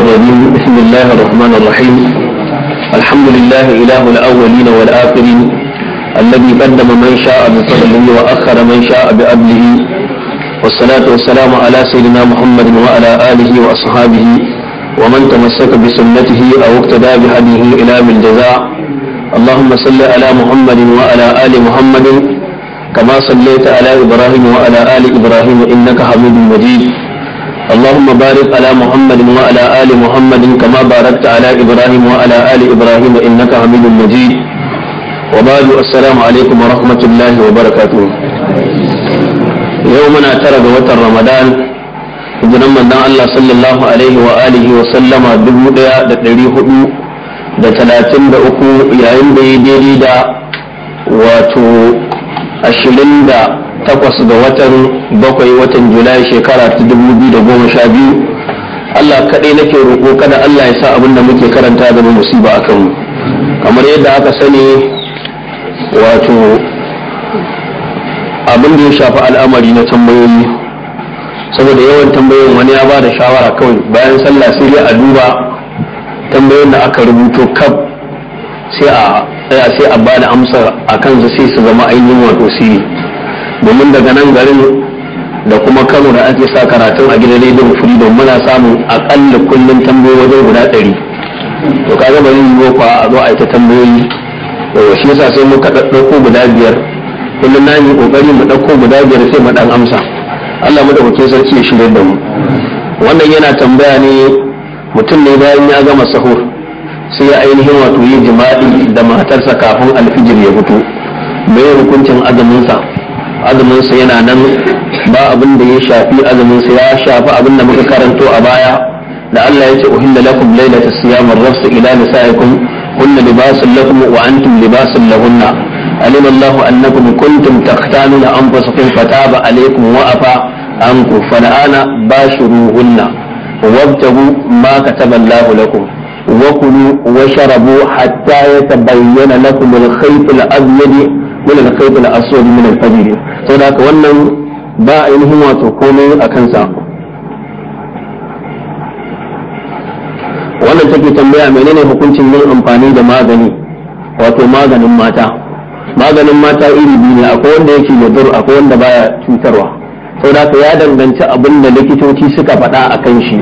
الرجيم بسم الله الرحمن الرحيم الحمد لله إله الأولين والآخرين الذي قدم من شاء بفضله وأخر من شاء بأبله والصلاة والسلام على سيدنا محمد وعلى آله وأصحابه ومن تمسك بسنته أو اقتدى بهديه إلى بالجزاء اللهم صل على محمد وعلى آل محمد كما صليت على إبراهيم وعلى آل إبراهيم إنك حميد مجيد اللهم بارك على محمد وعلى آل محمد كما باركت على إبراهيم وعلى آل إبراهيم إنك حميد مجيد وبعد السلام عليكم ورحمة الله وبركاته يومنا ترى وتر رمضان hijiran manzon Allah sallallahu alaihi wa alihi wa sallama dubu daya da ɗari hudu da talatin da uku yayin da ya daidai da wato ashirin da takwas ga watan bakwai watan julai shekara ta dubu biyu da goma sha biyu allah kaɗai nake roƙo kada allah ya sa abin da muke karanta da musiba a kanmu kamar yadda aka sani wato abin da ya shafi al'amari na tambayoyi saboda yawan tambayoyin wani ya ba da shawara kawai bayan sallah sai dai a duba tambayoyin da aka rubuto kaf sai a sai a ba da amsa a kansa sai su zama ainihin wato siri domin daga nan garin da kuma kano da ake sa karatun a gidan rediyon freedom muna samun akalla kullum tambayoyi wajen guda ɗari to ka zama yin yiwo kwa a zo a ita tambayoyi to shi yasa sai muka ɗauko guda biyar kullum na yi kokari mu ɗauko guda biyar sai mu ɗan amsa allah mu da bakin sarki ya da mu wannan yana tambaya ne mutum ne bayan ya gama sahur sai ya ainihin wato yi jima'i da matarsa kafin alfijir ya fito me hukuncin azumin azumin yana nan ba abin ya shafi azumin ya shafi abin da muka karanto a baya da Allah ya ce uhilla lakum laylata siyam ar-rafs ila nisaikum hunna libasun lakum wa antum libasun lahunna alim Allah annakum kuntum taqtanuna anfusakum fataba alaykum wa afa ankum fal'ana bashuruhunna وابتغوا ما كتب الله لكم hatta وشربوا حتى يتبين لكم الخيط الأبيض min al-khayb al-aswad min al-fajr saboda haka wannan ba ainihin wato komai a kansa wannan take tambaya menene hukuncin yin amfani da magani wato maganin mata maganin mata iri biyu ne akwai wanda yake dur akwai wanda baya cutarwa saboda haka ya danganci abin da likitoci suka faɗa a kan shi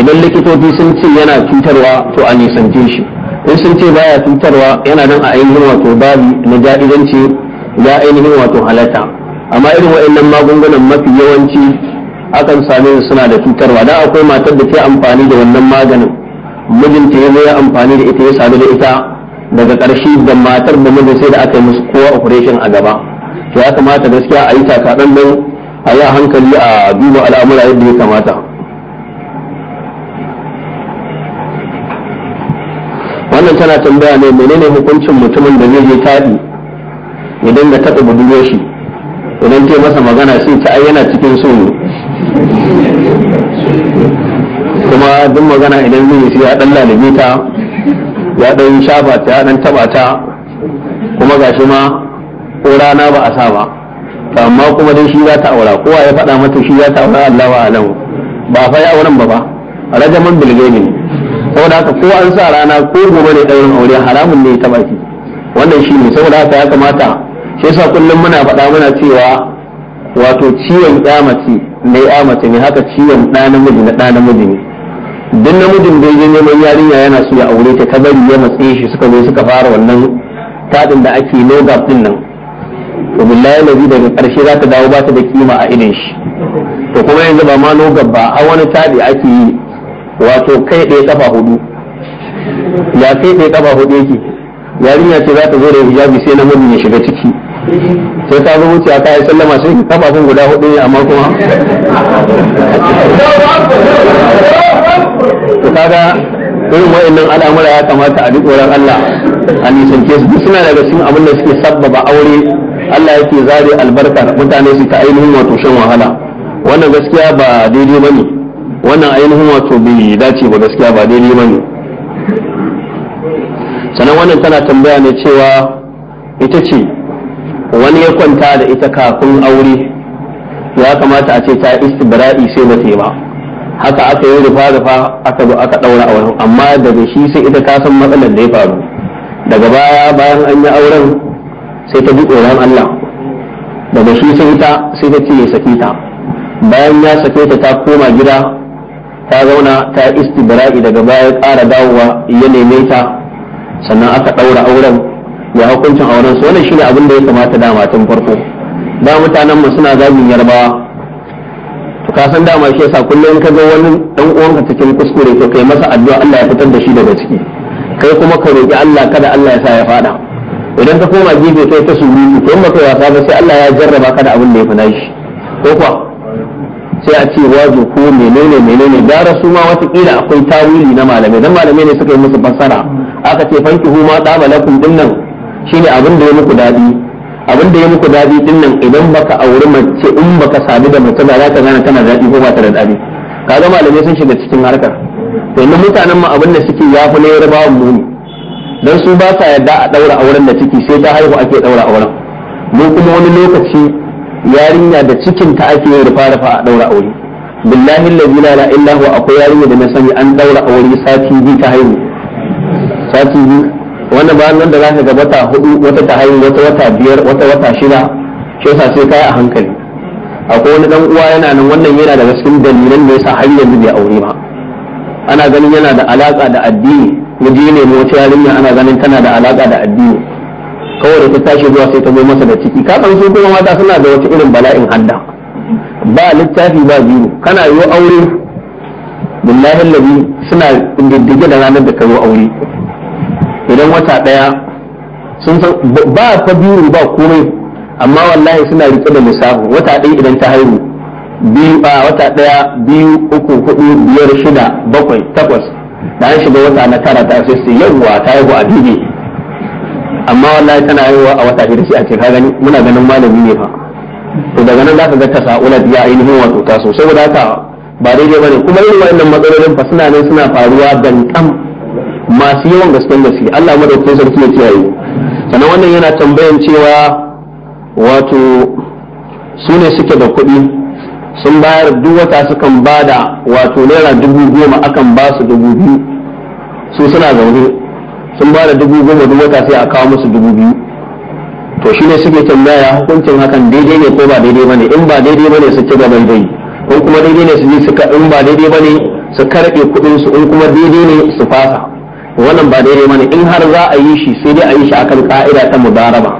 idan likitoci sun ce yana cutarwa to a nisance shi in sun ce baya cutarwa yana nan a ainihin wato babi na ja'idanci ya ainihin wato halatta amma irin waɗannan magungunan mafi yawanci akan same su suna da cutarwa da akwai matar da ke amfani da wannan maganin mijinta ya zo ya amfani da ita ya sadu da ita daga ƙarshe da matar da mijin sai da aka yi musu kowa operation a gaba to ya kamata gaskiya a yi takaɗan nan a yi hankali a duba al'amura yadda ya kamata wannan tana tambaya ne menene hukuncin mutumin da zai je taɗi idan ga taɓa budurwar shi idan ke masa magana sai ta ai yana cikin so ne kuma duk magana idan zai sai ya ɗan lalibi ta ya ɗan shafa ta ya ɗan taɓa ta kuma gashi ma ko rana ba a sa ba amma kuma dai shi za ta aura kowa ya faɗa mata shi za ta aura Allah wa alamu ba fa ya auren ba ba rajaman bilgani saboda haka ko an sa rana ko gobe ne ɗaurin aure haramun ne ta baki wannan shi ne saboda haka ya kamata shi yasa kullum muna faɗa muna cewa wato ciwon tsamaci na ƙyamace ne haka ciwon ɗa namiji na ɗa namiji ne duk namijin da ya neman yarinya yana so ya aure ta ta bari ya matse shi suka zo suka fara wannan taɗin da ake no gap din nan to billahi lazi daga ƙarshe za ta dawo ba ta da kima a idon shi to kuma yanzu ba ma no gap ba har wani taɗi ake yi wato kai ɗaya kafa hudu ya kai ɗaya kafa hudu yake yarinya ce za ta zo da hijabi sai na namiji ya shiga ciki sai ta zo wuce aka yi sallama sai kafafun guda hudu ne amma kuma to kaga irin wa'annan al'amura ya kamata a duk wurin Allah a nisance su suna daga cikin abin da suke sabbaba aure Allah yake zare albarkar mutane su ta ainihin wato shan wahala wannan gaskiya ba daidai ba ne. wannan ainihin wato bai dace ba gaskiya ba daidai ba ne sannan wannan tana tambaya ne cewa ita ce wani ya kwanta da ita kafin aure ya kamata a ce ta istibra'i sai ba ta ba haka aka yi rufa rufa aka zo aka daura wurin amma daga shi sai ita ta san matsalar da ya faru daga baya bayan an yi auren sai ta ji tsoron Allah daga shi sai ita sai ta ce ya sake ta bayan ya sake ta ta koma gida ta zauna ta istibra'i daga baya ƙara dawowa ya neme ta sannan aka ɗaura auren ya hukuncin auren su wannan shine abin da ya kamata da matan farko da mutanen mu suna zamin yarbawa to ka san dama shi yasa kullum ka ga wani dan uwanka cikin kuskure to kai masa addu'a Allah ya fitar da shi daga ciki kai kuma ka roki Allah kada Allah ya sa ya fada idan ka koma gefe kai ta surutu to in kai wasa ba sai Allah ya jarraba ka da abin da ya fi shi. ko kuwa sai a ce wazo ko menene menene gara su ma watakila akwai tawili na malamai dan malamai ne suka yi musu fassara aka ce fanki huma tsama lakum dinnan shine abin da ya muku dadi abin da ya muku dadi dinnan idan baka auri mace in baka sadu da mace ba za ka gane tana dadi ko ba ta da dadi kaga malamai sun shiga cikin harkar to yanzu mutanen mu abin da suke ya fi na yarbawan mu ne dan su ba sa yarda a daura auren da ciki sai ta haihu ake daura auren mu kuma wani lokaci yarinya da cikin ta ake yin rufa rufa a daura aure billahi la ilaha illa akwai yarinya da na sani an daura aure sati biyu ta haihu sati biyu wannan bayan nan da zaka ga wata hudu wata ta haihu wata wata biyar wata wata shida shi yasa sai kai a hankali akwai wani dan uwa yana nan wannan yana daga cikin dalilan da yasa har yanzu bai aure ba ana ganin yana da alaka da addini miji ne mu wata yarinya ana ganin tana da alaka da addini kawai da ta tashi zuwa sai ta zo masa da ciki ka san su kuma mata suna da wata irin bala'in hadda ba littafi ba biyu kana yi aure billahi labi suna diddige da ranar da ka yi aure idan wata daya sun san ba fa biyu ba komai amma wallahi suna rike da lissafi wata ɗaya idan ta haihu biyu a wata ɗaya biyu uku hudu biyar shida bakwai takwas da an shiga wata na tara ta sai su yawwa ta haihu a dubi amma wallahi tana haihuwa a wata da shi a ce ka gani muna ganin malami ne fa to daga nan za zaka ga tasa'ulat ya ainihin wato ta so saboda haka ba daidai bane kuma irin wannan matsalolin fa suna ne suna faruwa dankam masu yawan gasken gaske Allah madaukakin sarki ya kiyaye sannan wannan yana tambayan cewa wato su ne suke da kuɗi sun bayar duk wata sukan da wato naira dubu goma akan ba su dubu biyu su suna zaune sun ba da dubu goma duk wata sai a kawo musu dubu biyu to shi ne suke tambaya hukuncin hakan daidai ne ko ba daidai bane in ba daidai bane su ci gaban dai in kuma daidai ne su ji su in ba daidai bane su karbe kuɗin su in kuma daidai ne su fasa wannan ba daidai bane in har za a yi shi sai dai a yi shi akan ka'ida ta mudaraba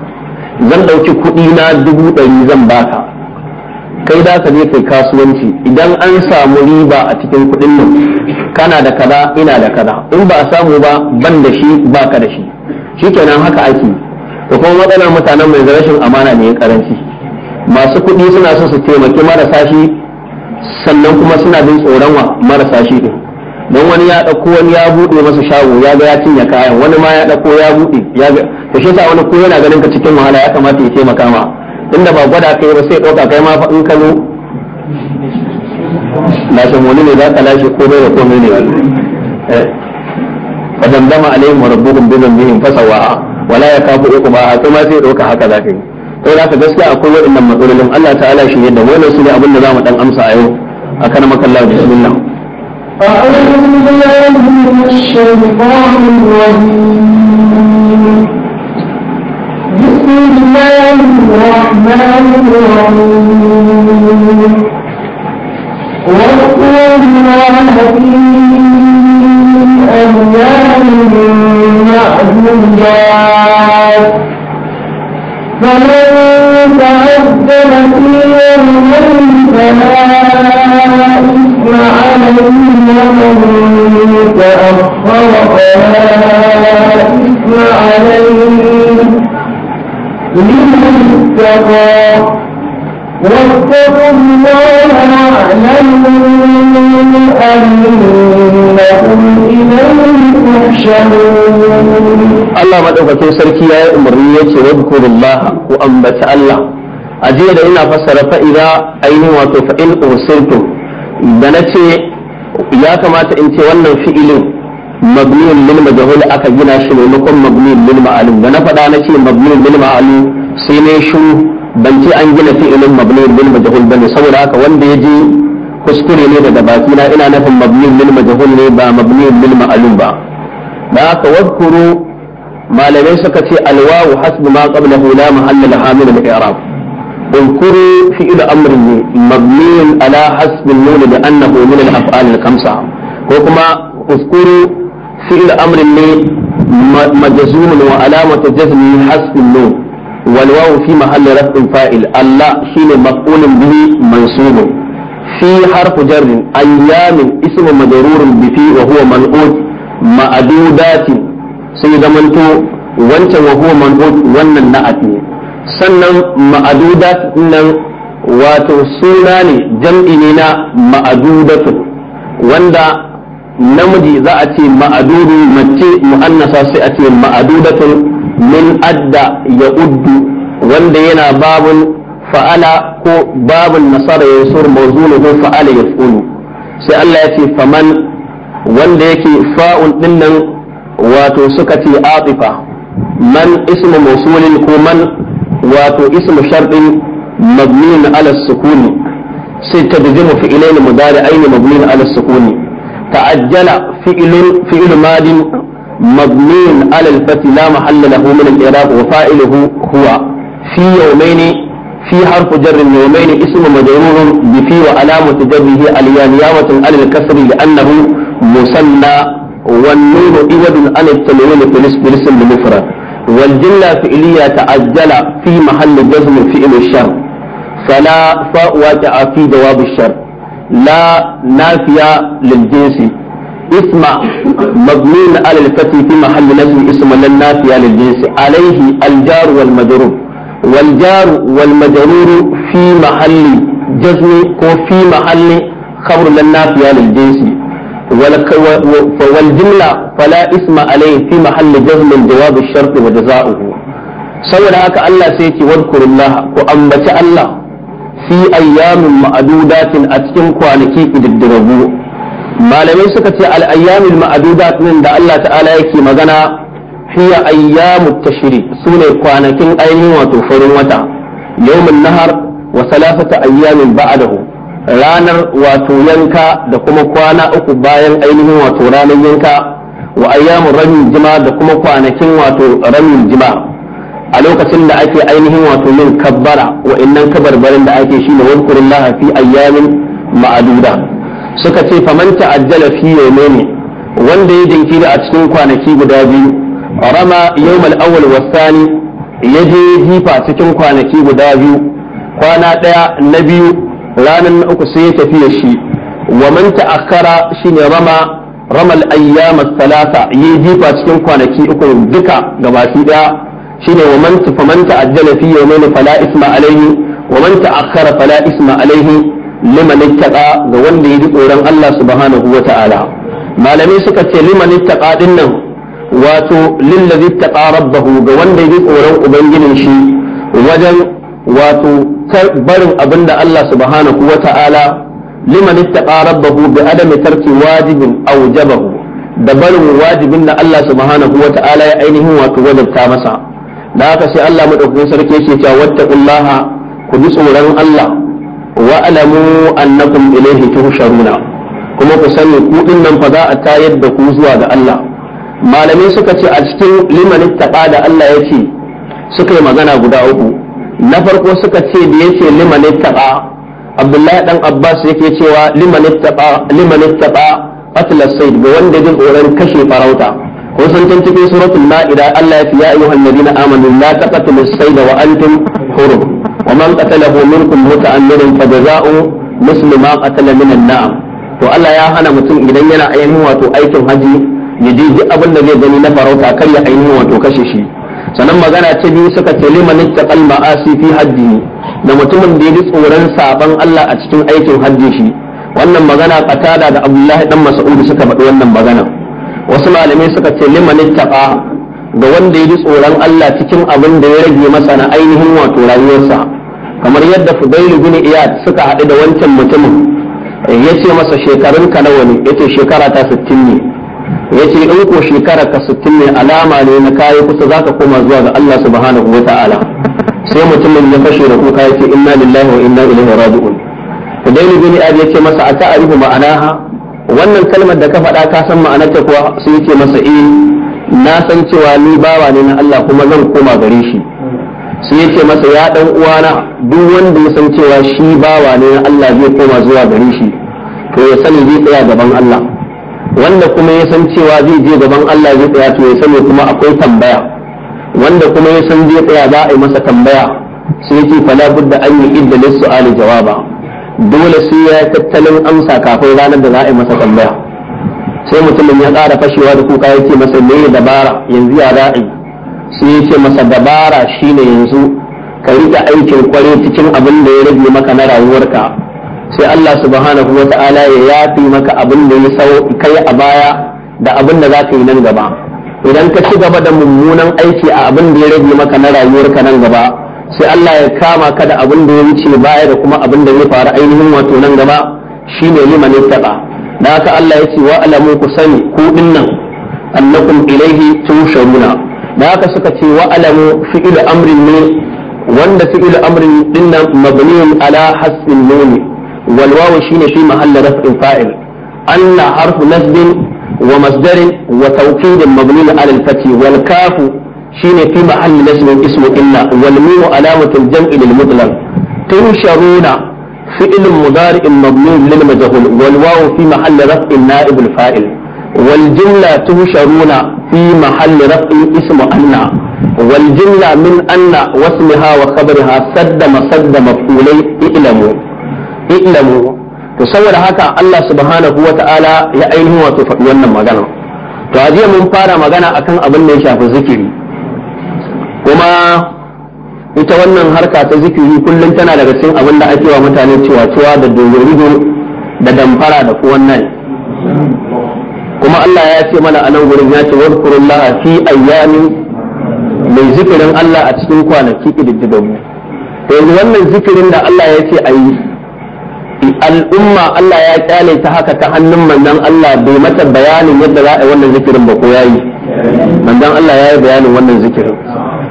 zan ɗauki kuɗi na dubu ɗari zan baka kai da ka je kai kasuwanci idan an samu riba a cikin kuɗin nan kana da kaza ina da kaza in ba a samu ba ban da shi ba ka da shi shikenan haka ake da kuma matsalar mutanen mai rashin amana ne ya karanci masu kuɗi suna so su taimaki marasa shi sannan kuma suna jin tsoron wa marasa shi din don wani ya ɗauko wani ya buɗe masa shago ya ga ya cinye kayan wani ma ya ɗauko ya buɗe ya ga to shi sa wani ko yana ganin ka cikin wahala ya kamata ya taimaka ma inda ba gwada kai ba sai ɗauka kai ma fa in kano lashe wani ne za ka lashe ko bai da komai ne ba eh. fa dandama alaihim rabbukum bi dhanbihim fasawa'a wala yakafu ba kai ma sai ɗauka haka za yi to da gaskiya akwai waɗannan matsalolin Allah ta'ala shi yadda wannan su ne abin da zamu dan amsa a yau akan makallah bismillah أعوذ بالله من الشيطان الرجيم الرحمن الرحيم واذكر في أيام معدودات فمن في صدقا واتقوا الله واعلموا أنكم إليه تحشرون الله مدعوكين سركي يا أمرية واذكر الله وأنبت الله أجيء لنا فسر فإذا أين وتفعل أرسلتم دنتي يا كما تأنتي وانا فئلين مبني للمجهول أكا جنا شنو مبني للمعلوم دنا فدانتي مبني للمعلوم sai ne shiru ban ce an gina fi'ilin mabni lil majhul bane saboda haka wanda ya je kuskure ne daga baki na ina nafin mabni lil majhul ne ba mabni lil ma'lum ba da haka wadkuru malamai suka ce alwawu hasbu ma qablahu la mahalla la hamil al i'rab اذكروا فعل امر مبني على حسب النون لانه من الافعال الخمسه وكما اذكروا فعل امر مجزوم وعلامه جزمه حسب النون والواو في محل رفع فاعل الله شين مفعول به منصوب في حرف جر أيام اسم مجرور بفي وهو منقول معدودات سيدا منتو وانت وهو منقول وانا نأتي سنن معدودات إنن wato suna ne jam'i ne na ma'adudatun wanda namiji za a ce ma'adudu mace mu'annasa sai a ce ma'adudatun min adda ya uddu wanda yana babun fa'ala ko babun nasarar ya sur ko fa'ala ya fulu sai Allah ya ce faman wanda yake fa'un dinnan wato suka ce atifa man ismu mawsulin ko man wato ismu sharɗin mabnin ala sukuni sai tadjimu ta'ajjala fi'ilun madin مضمون على الفتح لا محل له من الإعراب وفاعله هو في يومين في حرف جر يومين اسم مجرور بفي وعلامة جره اليانيامة على الكسر لأنه مثنى والنون إود عن التنوين في الاسم المفرد والجملة فعلية تعجل في محل جزم فعل الشر فلا فاء واقعة في جواب الشر لا نافية للجنس اسم مضمون على الفتح في محل نسب اسم للنافية للجنس عليه الجار والمجرور والجار والمجرور في محل جزم وفي محل خبر للنافية للجنس والجملة فلا اسم عليه في محل جزم جواب الشرط وجزاؤه saboda haka Allah sai ki wadkurullah ku ambaci Allah fi ayyamin ma'adudatin a cikin kwanaki ididdigagu malamai suka ce al'ayyamin ma'adudat nan da Allah ta'ala yake magana ayyamu ayyamut tashri sune kwanakin ainihin wato farin wata yawmun nahar wa salasata ayyamin ba'adahu, ranar wato yanka da kuma kwana uku bayan ainihin wato ranar yanka wa ayyamun ramin jima da kuma kwanakin wato ramin jima a lokacin da ake ainihin wato yin kabbara wa innan kabarbarin da ake shi ne wankurin lahafi ayyamin ma'aduda suka ce faman ta'ajjala fi yawmayni wanda ya jinkiri a cikin kwanaki guda biyu rama yawmal awwal wasani ya je jifa cikin kwanaki guda biyu kwana daya na biyu ranar na uku sai ya tafi shi wa man ta'akkara shine rama ramal ayyama salasa ya jifa cikin kwanaki uku duka gabaki daya shine wa man faman ta'ajjala fi yawmayni fala isma alayhi wa man ta'akkara fala isma liman ittaqa ga wanda ya tsoron Allah subhanahu wa ta'ala malamai suka ce liman ittaqa dinnan wato lillazi ittaqa rabbahu ga wanda ya ji tsoron ubangijin shi wajen wato barin abinda Allah subhanahu wa ta'ala liman ittaqa rabbahu bi adami tarki wajibin aw jabahu da barin wajibin da Allah subhanahu wa ta'ala ya ainihin wato wajabta masa da haka sai Allah madaukakin sarki yake cewa wattaqullaha ku ji tsoron Allah wa'alamu annakum ilayhi tuhsharuna kuma ku sani ku din nan fa za a tayar da ku zuwa ga Allah malamai suka ce a cikin liman ittaqa da Allah yake suka yi magana guda uku na farko suka ce da yake liman ittaqa Abdullahi dan Abbas yake cewa liman ittaqa liman ittaqa qatl as ga wanda jin tsoron kashe farauta ko san cikin suratul ma'ida Allah ya ce ya ayyuhan ladina amanu la taqtulu as-sayda wa antum حرم ومن قتله منكم متعمدا فجزاؤه مثل ما قتل من النعم to Allah ya hana mutum idan yana ainihin wato aikin haji ya je duk abin da zai gani na farauta kar ya ainihin wato kashe shi sannan magana ta biyu suka ce liman ittaqal ma'asi fi haddi da mutumin da ya ji tsoron saban Allah a cikin aikin haji shi wannan magana qatada da Abdullahi dan Mas'ud suka faɗi wannan magana wasu malamai suka ce liman ittaqa ga wanda ya ji tsoron Allah cikin abin da ya rage masa na ainihin wato rayuwarsa kamar yadda Fudail bin Iyad suka haɗu da wancan mutumin ya ce masa shekarun ka nawa ne yace shekara ta 60 ne yace in ko shekara ka 60 ne alama ne na kai kusa zaka koma zuwa ga Allah subhanahu wataala sai mutumin ya fashe da kuka yace inna lillahi wa inna ilaihi raji'un Fudail bin Iyad yace masa a ta'arifu ma'anaha wannan kalmar da ka faɗa ka san ma'anarta kuwa sai yace masa eh na san cewa ni bawa ne na Allah kuma zan koma gare shi sai ce masa ya dan uwana duk wanda ya san cewa shi bawa ne na Allah zai koma zuwa gare shi to ya sani zai tsaya gaban Allah wanda kuma ya san cewa zai je gaban Allah zai tsaya to ya sani kuma akwai tambaya wanda kuma ya san zai tsaya za a yi masa tambaya sai yace fala budda an yi idda lissu ali jawaba dole sai ya tattalin amsa kafin ranar da za a yi masa tambaya sai mutumin ya ƙara fashewa da kuka yake masa me dabara yanzu ya da'i sai yake masa dabara shine yanzu ka riƙe aikin kwarai cikin abin da ya rage maka na rayuwarka sai Allah subhanahu wa ta'ala ya yafi maka abin da ya sau kai a baya da abin da za ka yi nan gaba idan ka ci gaba da mummunan aiki a abin da ya rage maka na rayuwarka nan gaba sai Allah ya kama ka da abin da ya wuce baya da kuma abin da ya faru ainihin wato nan gaba shine liman yattaqa da haka Allah ya ce wa alamu ku sani ku dinnan annakum ilaihi tusharuna da haka suka ce wa alamu fi'il amrin ne wanda fi'il amrin dinnan mabniun ala hasbin nuni wal wawu shine fi mahall raf'in fa'il anna harfu nasbin wa masdarin wa tawkidin mabniun ala al-fath wal kafu shine fi mahall nasbin ismu illa wal mimu alamatu jami lil mutlaq tusharuna فعل مضارع مضمون للمجهول والواو في محل رفع نائب الفاعل والجملة تهشرون في محل رفع اسم أن والجملة من أن واسمها وخبرها سد مسد مفعولي اعلموا اعلموا تصور هكا الله سبحانه وتعالى يا أينه وتفعل wannan magana to ajiya mun fara magana akan abin da ya shafi zikiri kuma ita wannan harka ta zikiri kullum tana daga cikin abin da ake wa mutane cewa cewa da dogarido da damfara da kuwan nan kuma Allah ya ce mana a nan gurin ya ce wadkurullaha fi ayyami mai zikirin Allah a cikin kwanaki kididdigamu to yanzu wannan zikirin da Allah ya ce a yi al'umma Allah ya kyale ta haka ta hannun manzon Allah bai mata bayanin yadda za a yi wannan zikirin ba ko yayi manzon Allah ya yi bayanin wannan zikirin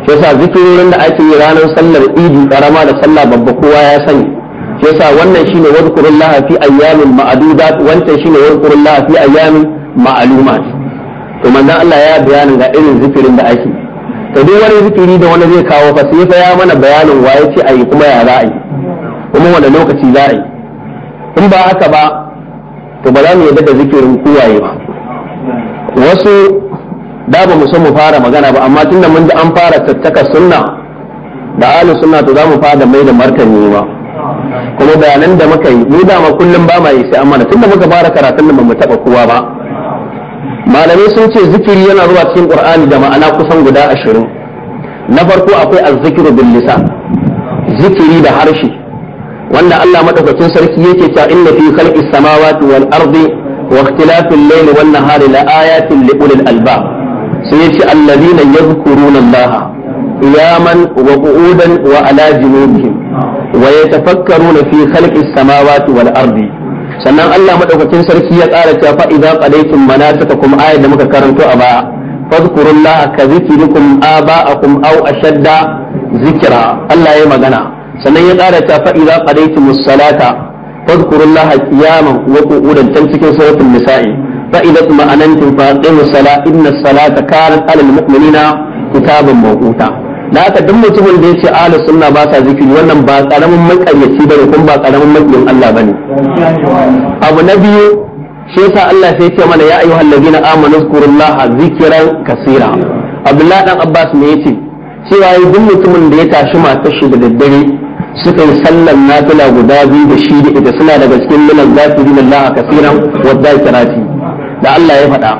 yasa zikirorin da ake yi ranar sallar idi karama da sallah babba kowa ya sani yasa wannan shine wadkurullah fi ayyamin ma'dudat wancan shine wadkurullah fi ayyamin ma'lumat to manzon Allah ya bayanin ga irin zikirin da ake to duk wani zikiri da wani zai kawo fa sai ya mana bayanin waye ce ayi kuma ya za yi kuma wani lokaci za yi in ba haka ba to ba za mu yadda da zikirin kowaye ba wasu da ba mu san mu fara magana ba amma tunda mun ji an fara tattaka sunna da ahli sunna to za mu fara mai da martani ba. kuma bayanan da muka yi mu dama kullum ba ma yi sai amma tunda muka fara karatun da ba mu taba kowa ba malamai sun ce zikiri yana zuwa cikin qur'ani da ma'ana kusan guda ashirin na farko akwai azzikiru bil lisan zikiri da harshe wanda Allah madaukakin sarki yake cewa inna fi khalqis samawati wal ardi wa ikhtilafil layli wan nahari la ayatin ulil albab sai ya ce alladina yadhkuruna Allah qiyaman wa qu'udan wa ala junubihim wa yatafakkaruna fi khalqis samawati wal ardi sannan Allah madaukakin sarki ya ƙara cewa fa mana qadaytum kuma ayat da muka karanto a baya fadhkurullaha ka zikrikum aba'akum aw ashadda zikra Allah ya magana sannan ya ƙara cewa fa idza qadaytumus salata fadhkurullaha qiyaman wa qu'udan tan cikin suratul nisa'i فإذا اطمأننتم فأقيموا الصلاة إن الصلاة كانت على المؤمنين كتابا موقوتا da haka duk mutumin da ya ce ahlus sunna ba sa zikiri wannan ba karamin makaryaci bane kun ba karamin makiyin Allah bane abu na biyu shi yasa Allah sai ce mana ya ayyuhal ladina amanu zkurullaha zikran kaseera Abdullah dan Abbas me yace cewa duk mutumin da ya tashi matar shi da daddare suka yi sallar nafila guda biyu da shi da ita suna daga cikin milan zafirin Allah a kasiran wadda da Allah ya faɗa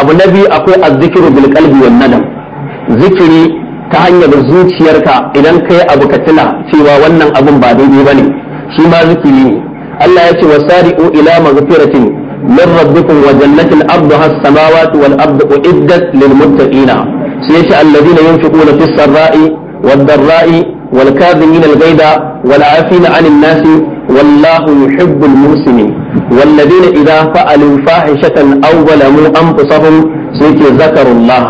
abu na biyu akwai azzikiru bil qalbi wan nadam zikiri ta hanyar zuciyarka idan kai abu ka tuna cewa wannan abun ba daidai bane shi ma zikiri ne Allah ya ce wasari'u ila maghfiratin min rabbikum wa jannatin arduha as-samawati wal ardu uiddat lil muttaqina sai ya ce alladhina yunfiquna fis sarra'i wad dharra'i والكاظمين الغيظ والعافين عن الناس والله يحب المحسنين والذين إذا فعلوا فاحشة أو ظلموا أنفسهم سيتي ذكروا الله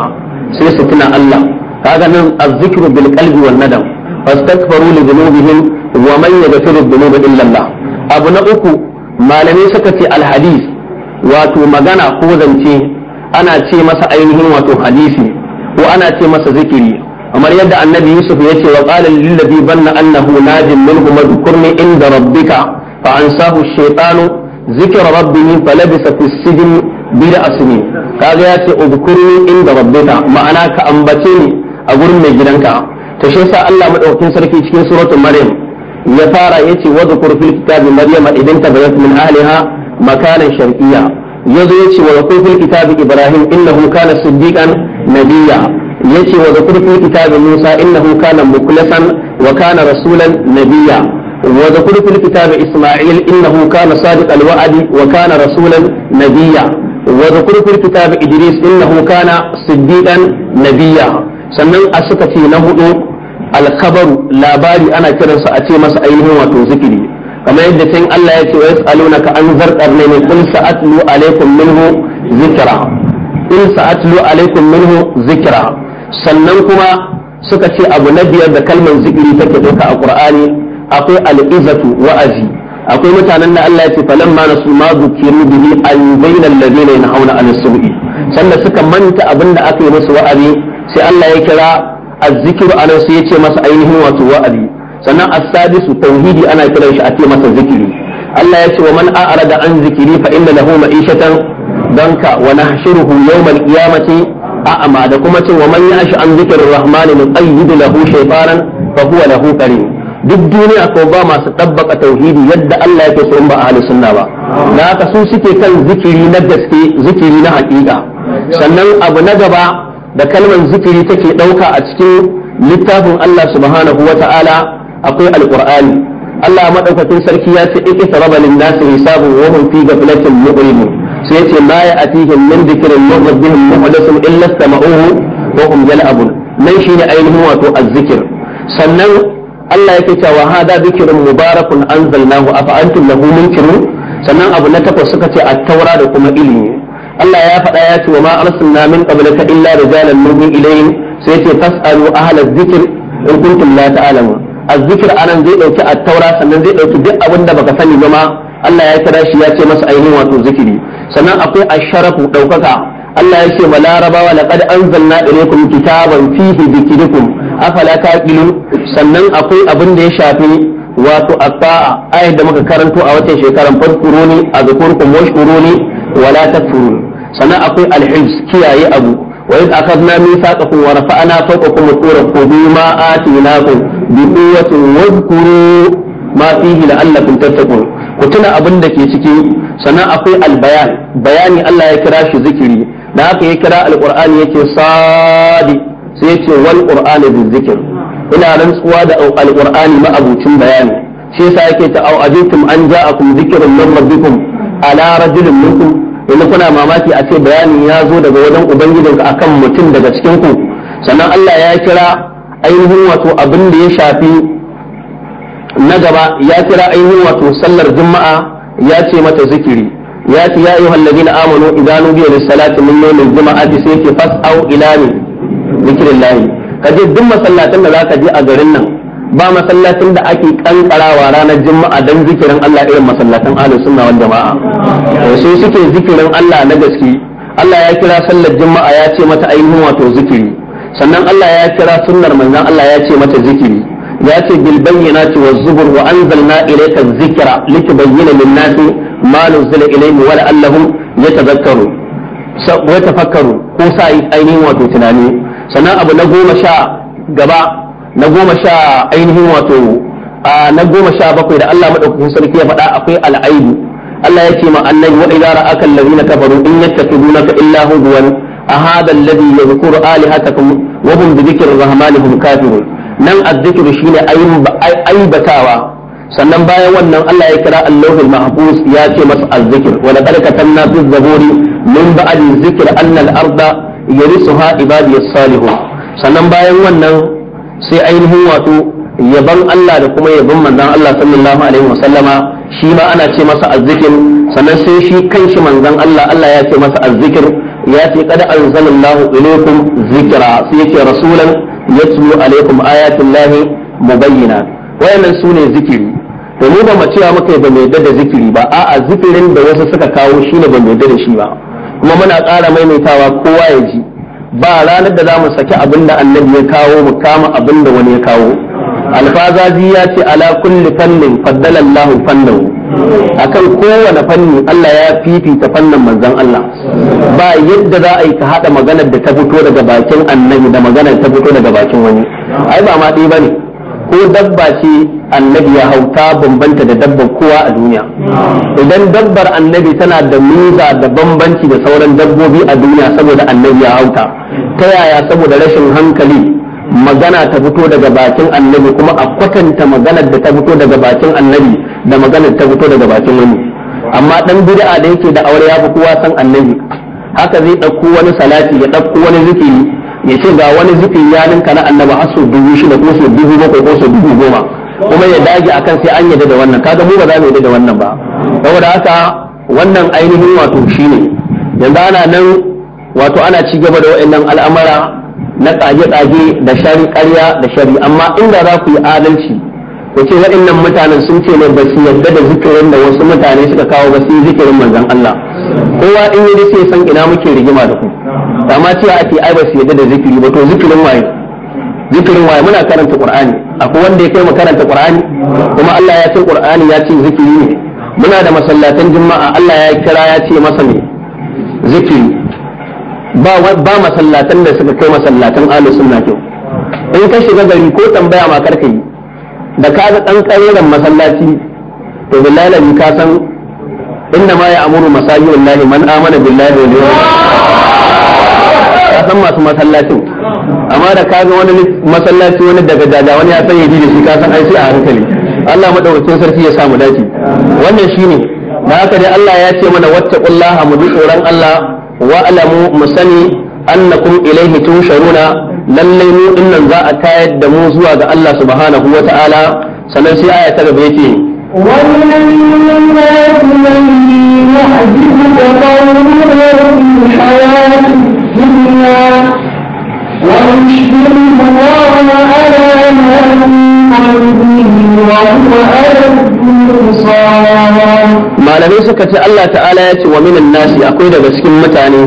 سيستنا الله هذا من الذكر بالقلب والندم فاستكبروا لذنوبهم ومن يغفر الذنوب إلا الله أبو نأكو ما لم يسكت الحديث واتو مغانا قوزا أنا تي مسا أينهم واتو حديثي وأنا تي مسا ذكري kamar yadda annabi yusuf ya ce wa qala lil ladhi banna annahu najin minhu madkurni inda rabbika fa ansahu shaytanu zikra rabbihi falabisa fi sijni bida asni kaga ya ce udkurni inda rabbika ma'ana ka ambace ni a gurin mai gidanka to shi yasa Allah madaukakin sarki cikin suratul maryam ya fara yace wadhkur fil kitabi maryama idan tabayyana min ahliha makanan sharqiyya yazo yace wa fil kitabi ibrahim innahu kana siddiqan nabiyya yace wa zakur kitabi Musa innahu kana mukhlasan wa kana rasulan nabiyya wa zakur kitabi Isma'il innahu kana sadiqal wa'di wa kana rasulan nabiyya wa zakur kitabi Idris innahu kana siddiqan nabiyya sannan a suka ce na hudu alkhabaru labari ana kiransa a ce masa ainihin wato zikiri kamar yadda can Allah ya ce wa yas'alunaka an zarqar ne kun sa'atlu in sannan kuma suka ce abu na biyar da kalmar zikiri take ɗauka a ƙur'ani, akwai al'izatu wa'azi akwai mutanen da Allah ya ce falamma nasu ma zukiru bihi an bainal ladina yanhauna 'anil su'i sanda suka manta abin da aka yi musu wa'azi sai Allah ya kira azzikiru anan sai ya ce masa ainihin wato wa'azi sannan as-sadisu tauhidi ana kiran shi a ce masa zikiri Allah ya ce wa man a'rada an zikiri fa inna lahu ma'ishatan danka wa nahshuruhu yawmal qiyamati a'ama da kuma cin wa man ya'shu an dhikrir rahmani nuqayyid lahu shaytanan fa huwa lahu qarin duk duniya ko ba masu tabbaka tauhidi yadda Allah yake so in ba ahli sunna ba Na haka su suke kan zikiri na gaske zikiri na hakika sannan abu na gaba da kalmar zikiri take ɗauka a cikin littafin Allah subhanahu wata'ala akwai alƙur'ani Allah madaukakin sarki ya ce ikita rabalin nasu hisabu wa hum fi ghaflatin mu'rimun sai ce ma ya atihim min dhikrin min rabbihim muhdathun illa sama'uhu wa hum yal'abun nan shine ainihin wato azzikir sannan Allah yake cewa hada dhikrun mubarakun anzalnahu afa antum lahu munkirun sannan abu na takwas suka ce a taura da kuma ilimi Allah ya faɗa ya ce wa ma arsalna min qablaka illa rijalan nuhi ilayhim sai ce fasalu ahla dhikr in kuntum la ta'lamun azzikir anan zai dauki a taura sannan zai dauki duk abin da baka sani ba ma Allah ya kira shi ya ce masa ainihin wato zikiri sannan akwai asharafu ɗaukaka Allah ya ce wa larabawa laqad anzalna ilaykum kitaban fihi dhikrukum afala taqilun sannan akwai abin da ya shafi wato afa'a ayat da muka karanto a watan shekaran fadkuruni azkurkum washkuruni wala takfurun sannan akwai alhibs kiyaye abu wa idh akhadna mithaqakum wa rafa'na fawqakum al-tura khudhu ma atinakum bi quwwatin wadhkuru ma fihi la'allakum tattaqun ku tuna abin da ke ciki sannan akwai albayan bayani Allah ya kira shi zikiri da haka ya kira alqur'ani yake sadi sai ya ce wal qur'ani bi ina rantsuwa da alqur'ani ma'abucin bayani shi yasa yake ta au ajitum an ja'akum zikrun min rabbikum ala rajulin minkum idan kuna mamaki a ce bayani ya zo daga wajen ubangijin akan mutum daga cikin ku sannan Allah ya kira ainihin wato abin da ya shafi na gaba ya kira ainihin wato sallar juma'a ya ce mata zikiri ya ce ya yi na ladina amanu idan nudiya lis salati min juma'a da sai ke fas'au ila layi. Ka je duk masallacin da zaka je a garin nan ba masallacin da ake kankarawa ranar juma'a dan zikirin Allah irin masallacin ahlus sunna wal jama'a su suke zikirin Allah na gaske Allah ya kira sallar juma'a ya ce mata ainihin wato zikiri sannan Allah ya kira sunnar manzon Allah ya ce mata zikiri ya ce bil bayyinati waz zubur wa anzalna ilayka dhikra litubayyana lin-nasi ma nuzila ilayhim wa la'allahum yatadhakkaru wa tafakkaru ko sa ainihin wato tunani sannan abu na goma sha gaba na goma sha ainihin wato na goma sha bakwai da Allah madaukakin sarki ya faɗa akwai al'aibu Allah ya ce ma annabi wa idza ra'aka allazina kafaru in yattakidunaka illa hudwan a hadha alladhi yadhkuru alihatakum wa hum bi dhikri rahmanihim kafirun nan azzikir shine aibatawa sannan bayan wannan Allah ya kira Allahul Mahfuz ya ce masa azzikir wa laqad katanna fi zaburi min ba'd zikr anna al-arda yarisuha ibadiy salihun sannan bayan wannan sai ainihin wato yaban Allah da kuma yaban manzon Allah sallallahu alaihi wa sallama shi ma ana ce masa azzikir sannan sai shi kanshi manzon Allah Allah ya ce masa azzikir ya ce kada anzalallahu ilaykum zikra sai yake rasulan yatlu alaikum ayatullahi mubayyinat wayannan sune zikiri to mu ba mu cewa muka ba mai da zikiri ba a'a zikirin da wasu suka kawo shine ba mai da shi ba kuma muna ƙara maimaitawa kowa ya ji ba ranar da za mu saki abinda annabi ya kawo mu kama abin da wani ya kawo alfazazi ya ce ala kulli fannin faddala Allahu fannahu akan kowane fanni Allah ya fifita fannin manzon Allah ba yadda za a yi ka haɗa maganar da ta fito daga bakin annabi da maganar ta fito daga bakin wani ai ba ma ɗaya bane ko dabba ce annabi ya hauta bambanta da dabbar kowa a duniya idan dabbar annabi tana da muza da bambanci da sauran dabbobi a duniya saboda annabi ya hauta ta yaya saboda rashin hankali magana ta fito daga bakin annabi kuma a kwatanta maganar da ta fito daga bakin annabi da maganar ta fito daga bakin wani amma dan bid'a da yake da aure ya fi kowa san annabi haka zai ɗauko wani salati ya ɗauko wani zikiri ya ce ga wani zikiri ya ninka na annabi har sau dubu shida ko sau dubu bakwai ko sau dubu goma kuma ya dage akan sai an yadda da wannan kaga mu ba za mu yadda da wannan ba saboda haka wannan ainihin wato shine yanzu ana nan wato ana ci gaba da wa'annan al'amara na tsage-tsage da shari'a ƙarya da shari amma inda za ku yi adalci ku ce waɗannan mutanen sun ce ne ba su yarda da zikirin da wasu mutane suka kawo ba su yi zikirin manzon Allah kowa in yi sai san ina muke rigima da ku ma cewa ake ai ba su yarda da zikiri ba to zikirin waye zikirin waye muna karanta qur'ani akwai wanda ya kai mu karanta qur'ani kuma Allah ya ce qur'ani ya ce zikiri ne muna da masallatan juma'a Allah ya kira ya ce masa ne zikiri ba masallatan da suka kai masallatan ahli sunna kyau in ka shiga gari ko tambaya ma karka yi da ka ga dan kareren masallaci to billahi ka san inna ma ya'muru masaji wallahi man amana billahi wal yawmil san masu masallacin amma da ka ga wani masallaci wani daga jaja wani ya san yaji da shi ka san ai sai a hankali Allah madaukakin sarki ya samu dace wannan shine da haka dai Allah ya ce mana wattaqullaha mu ji tsoron Allah wa'lamu musani annakum ilaihi tusharuna lallai mu dinnan za a tayar da mu zuwa ga Allah subhanahu wa ta'ala sannan sai aya ta gaba yake وهو ألد الصالح malamai suka ce Allah ta'ala ya ce wa minan nasi akwai daga cikin mutane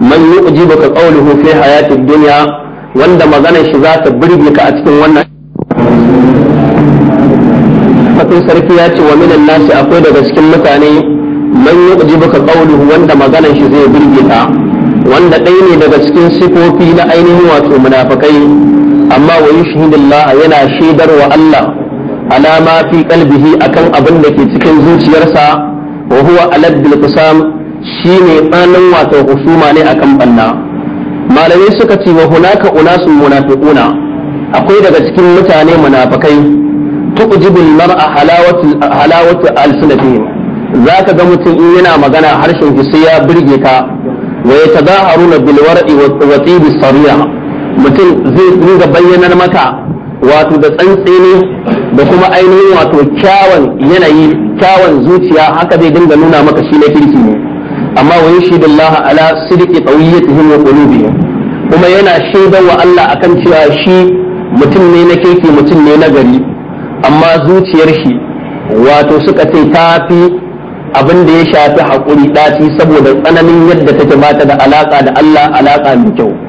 man yu'jibuka qawluhu fi hayatid dunya wanda maganar shi za ta burge ka a cikin wannan fatin sarki ya ce wa minan nasi akwai daga cikin mutane man yu'jibuka qawluhu wanda maganar shi zai burge ka wanda ɗaya ne daga cikin sifofi na ainihin wato munafikai amma wa yushhidillah yana shaidar wa Allah alama fi qalbihi akan abin da ke cikin zuciyarsa wa huwa aladdul qisam shine tsanin wato husuma ne akan banna malamai suka ce wa hunaka unasun munafiquna akwai daga cikin mutane munafikai tuqjibul mar'a halawatu halawatu alsinatihim zaka ga mutum in yana magana harshen sai ya burge ka wa yatadaharuna bil war'i wa sariya mutum zai dinga bayyanar maka wato da tsantsene da kuma ainihin wato kyawun yanayi kyawan zuciya haka zai dinga nuna maka shi na kirki ne amma wa laha ala sidqi qawiyyatihim wa kulubi kuma yana shaidar wa Allah akan cewa shi mutum ne na kirki mutum ne na gari amma zuciyar shi wato suka ce ta fi abin da ya shafi haƙuri ɗaci saboda tsananin yadda take bata da alaƙa da Allah alaƙa mai kyau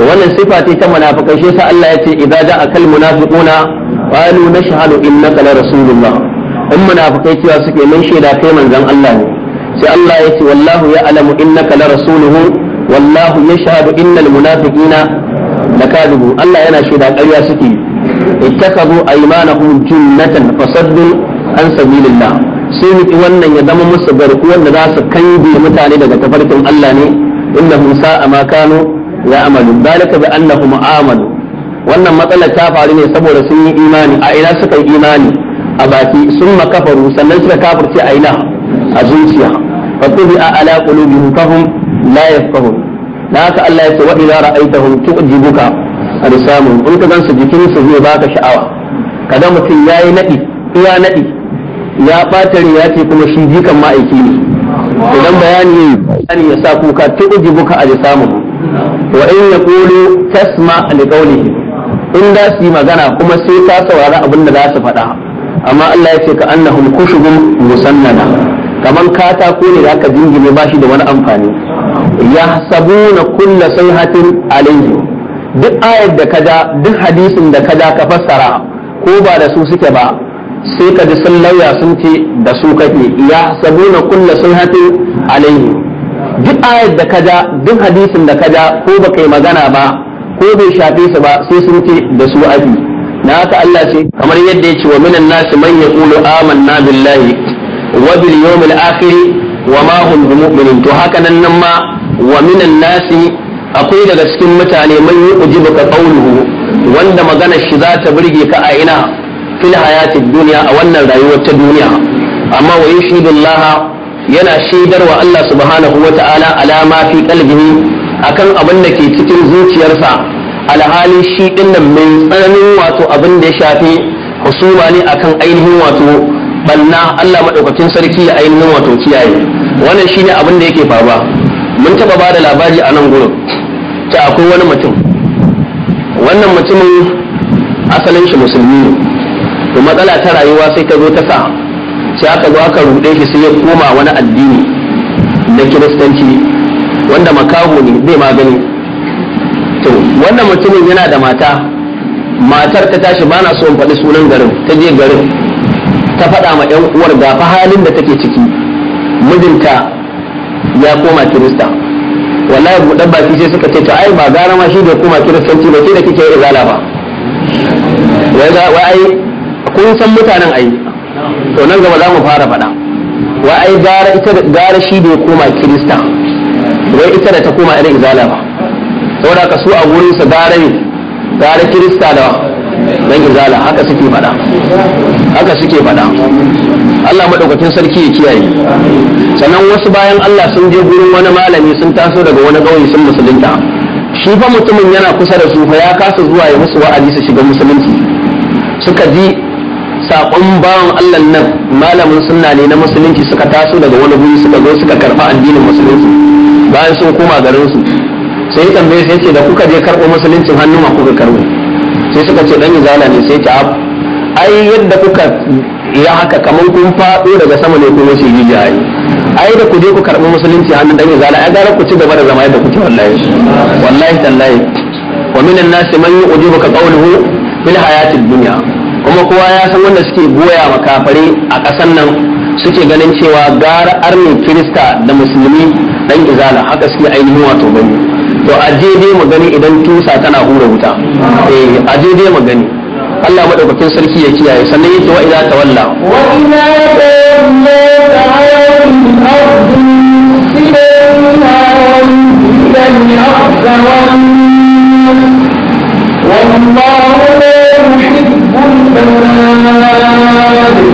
to wannan sifa ce ta munafikai shi sa Allah ya ce idza ja'a kal munafiquna qalu nashhadu innaka la rasulullah in munafikai cewa suke mun shaida kai manzon Allah ne sai Allah ya ce wallahu ya'lamu innaka la rasuluhu wallahu yashhadu innal munafiqina lakadibu Allah yana shaida ƙarya suke ittakhadhu aymanahum junnatan fasaddu an sabilillah sun yi wannan ya zama musu garkuwar da za su kange mutane daga tafarkin Allah ne innahum sa'a ma kanu ya'malu dalika bi annahum amanu wannan matsala ta faru ne saboda sun yi imani a ina suka yi imani a baki sun makafaru sannan suka kafirce a ina a zuciya fa tubi ala qulubihim fahum la yafqahun da Allah ya ce wa idza ra'aytahum tu'jibuka arsamuhum in ka gansu jikin su zai baka sha'awa Kada mutum yayi nadi iya nadi ya ɓata ya ce kuma shi jikan ma'aiki ne idan bayani ya sa kuka tu'jibuka arsamuhum wa in yaqulu tasma li qawlihi in da su yi magana kuma sai ta saurari abin da za su faɗa amma Allah ya ce ka annahum kushubun musannana kaman katako ne da aka jingine ba shi da wani amfani Ya na kulla sayhatin alayhi duk ayar da kaja duk hadisin da kaja ka fassara ko ba da su suke ba sai ka ji sun lauya sun ce da su kake na kulla sayhatin alayhi duk ayar da kaja duk hadisin da kaja ko ba kai magana ba ko bai shafe su ba sai sun ce da su abi na haka Allah ce kamar yadda ya ce wa minan nasu man yaqulu amanna billahi wa bil yawmil akhir wa ma hum bimu'minin to haka nan nan ma wa minan nasi akwai daga cikin mutane man yujibu ka qawluhu wanda magana shi za ta burge ka a ina fil hayatid dunya a wannan rayuwar ta duniya amma wa yashhadu Allah yana shaidarwa Allah subhanahu ta'ala alama fi kalbihi akan abin da ke cikin zuciyarsa alhali shi dinnan mai tsananin wato abin da ya shafi husuma ne akan ainihin wato banna Allah madaukakin sarki ya ainihin wato kiyaye wannan shine abin da yake faruwa mun taba ba da labari a nan gurin ta akwai wani mutum wannan mutumin asalin shi musulmi ne to matsala ta rayuwa sai ka zo ta sa sai aka zo aka rude shi sai ya koma wani addini na kiristanci wanda makaho ne zai magani to wannan mutumin yana da mata matar ta tashi ba na so faɗi sunan garin ta je garin ta faɗa ma 'yan uwar ga fa halin da take ciki mijinta ya koma kirista wallahi buɗe baki sai suka ce to ai ba gara ma shi da koma kiristanci ba sai da kike izala ba wai ai kun san mutanen ai to nan gaba za mu fara faɗa wa ai gara ita gara shi da ya koma kirista wai ita da ta koma irin izala ba saboda ka su a wurin sa gara ne gara kirista da dan izala haka suke faɗa haka suke faɗa Allah madaukakin sarki ya kiyaye sannan wasu bayan Allah sun je gurin wani malami sun taso daga wani gauyi sun musulunta shi fa mutumin yana kusa da su fa ya kasa zuwa ya musu wa'azi su shiga musulunci suka ji saƙon bawan Allah nan malamin sunna ne na musulunci suka taso daga wani guri suka zo suka karɓa addinin musulunci bayan sun koma garin su sai ya tambaye sai ce da kuka je karɓo musuluncin hannu ma kuka karɓo sai suka ce dan zala ne sai ta ai yadda kuka ya haka kamar kun faɗo daga sama ne kuma shi yi jayi ai da ku je ku karɓi musulunci hannun dan zala, ai gara ku ci gaba da zama yadda kuke wallahi wallahi tallahi wa minan nasi man yu'jibuka qawluhu fil hayati dunya kuma kowa ya san wanda suke goya ma kafare a ƙasar nan suke ganin cewa gara armin kirista da musulmi dan izala haka suke ainihin wato gani to a je dai mu gani idan tusa tana hura wuta eh a je dai mu gani Allah madaukakin sarki ya kiyaye sannan yake wa idza tawalla wa idza tawalla ta'awun والله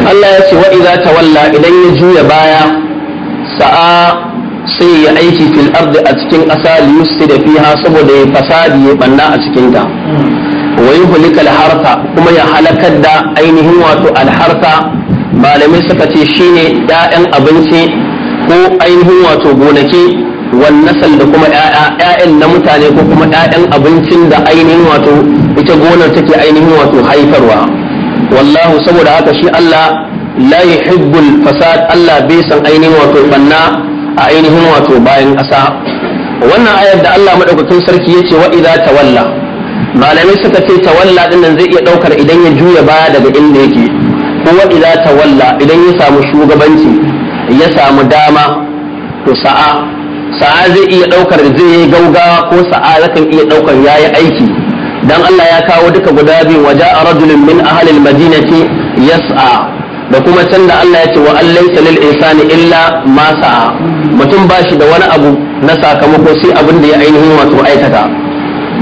Allah ya ce wa'iza walla idan ya juya baya sa'a sai ya aiki fil ardi a cikin ƙasa liyusti da fiha saboda ya fasadi ya banna a cikinta wai hulika yuhlika kuma ya halakar da ainihin wato al malamai suka ce shine 'ya'yan abinci ko ainihin wato gonaki wan nasal da kuma 'ya'yan na mutane ko kuma 'ya'yan abincin da ainihin wato ita gonar take ainihin wato haifarwa wallahu saboda haka shi Allah la yuhibbul fasad Allah bai san ainihin wato banna a ainihin wato bayan ƙasa wannan ayar da Allah madaukakin sarki yace wa idza tawalla malamai suka ce tawalla din nan zai iya daukar idan ya juya baya daga inda yake ko wa idza tawalla idan ya samu shugabanci ya samu dama to sa'a sa'a zai iya daukar zai yi gaugawa ko sa'a zakan iya daukar yayi aiki dan Allah ya kawo duka guda biyu waje a rajulun min ahalil madinati yas'a da kuma can da Allah ya ce wa allai salil insani illa ma sa'a mutum ba shi da wani abu na sakamako sai abin da ya ainihin wato aikata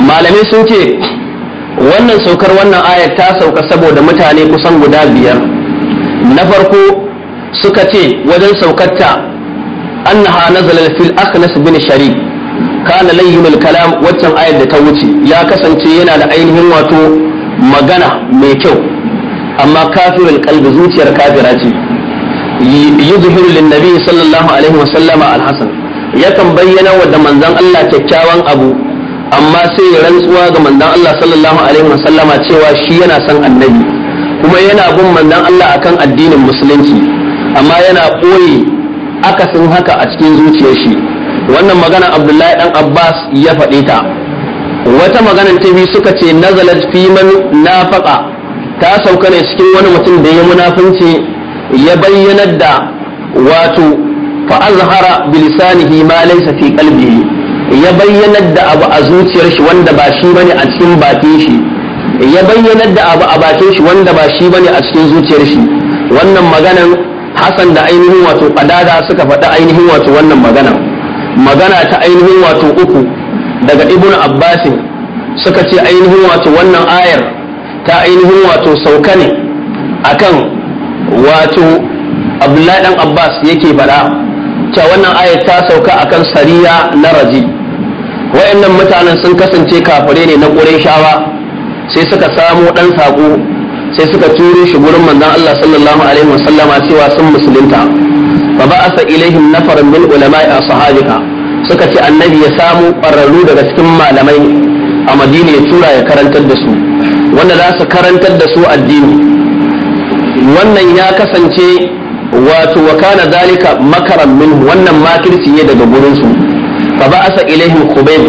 malamai sun ce wannan saukar wannan ayar ta sauka saboda mutane kusan guda biyar na farko suka ce wajen saukarta annaha nazalal fil akhnas bin sharik kana layyinul kalam waccan ayar da ta wuce ya kasance yana da ainihin wato magana mai kyau amma kafirul kalbi zuciyar kafira ce yuzhiru lin nabi sallallahu alaihi wa sallama alhasan yakan bayyana wa da manzon Allah kyakkyawan abu amma sai ya rantsuwa ga manzon Allah sallallahu alaihi wa sallama cewa shi yana son annabi kuma yana bin manzon Allah akan addinin musulunci amma yana koyi akasin haka a cikin zuciyar shi wannan magana abdullahi dan abbas ya faɗe ta wata maganan ta biyu suka ce nazalat fi man nafaqa ta sauka ne cikin wani mutum da ya munafunci ya bayyanar da wato fa azhara bilisanihi ma laysa fi qalbihi ya bayyanar da abu a zuciyar shi wanda ba shi bane a cikin bakin shi ya bayyanar da abu a bakin shi wanda ba shi bane a cikin zuciyar shi wannan maganan Hassan da ainihin wato Qadada suka faɗi ainihin wato wannan maganan magana ta ainihin wato uku daga ibn abbasin suka ce ainihin wato wannan ayar ta ainihin wato sauka ne akan wato abdullahi dan abbas yake faɗa cewa wannan ayar ta sauka akan sariya na raji wayannan mutanen sun kasance kafare ne na shawa sai suka samo ɗan saƙo sai suka turo shi gurin manzon Allah sallallahu alaihi wasallama cewa sun musulunta fa ba'asa ilaihim nafaran min ulama'i ashabika suka ce annabi ya samu ƙwararru daga cikin malamai a madina ya tura ya karantar da su wanda za su karantar da su addini wannan ya kasance wato Wakana, zalika makaran min wannan makirci ne daga gurin su fa ba'asa ilaihim khubayb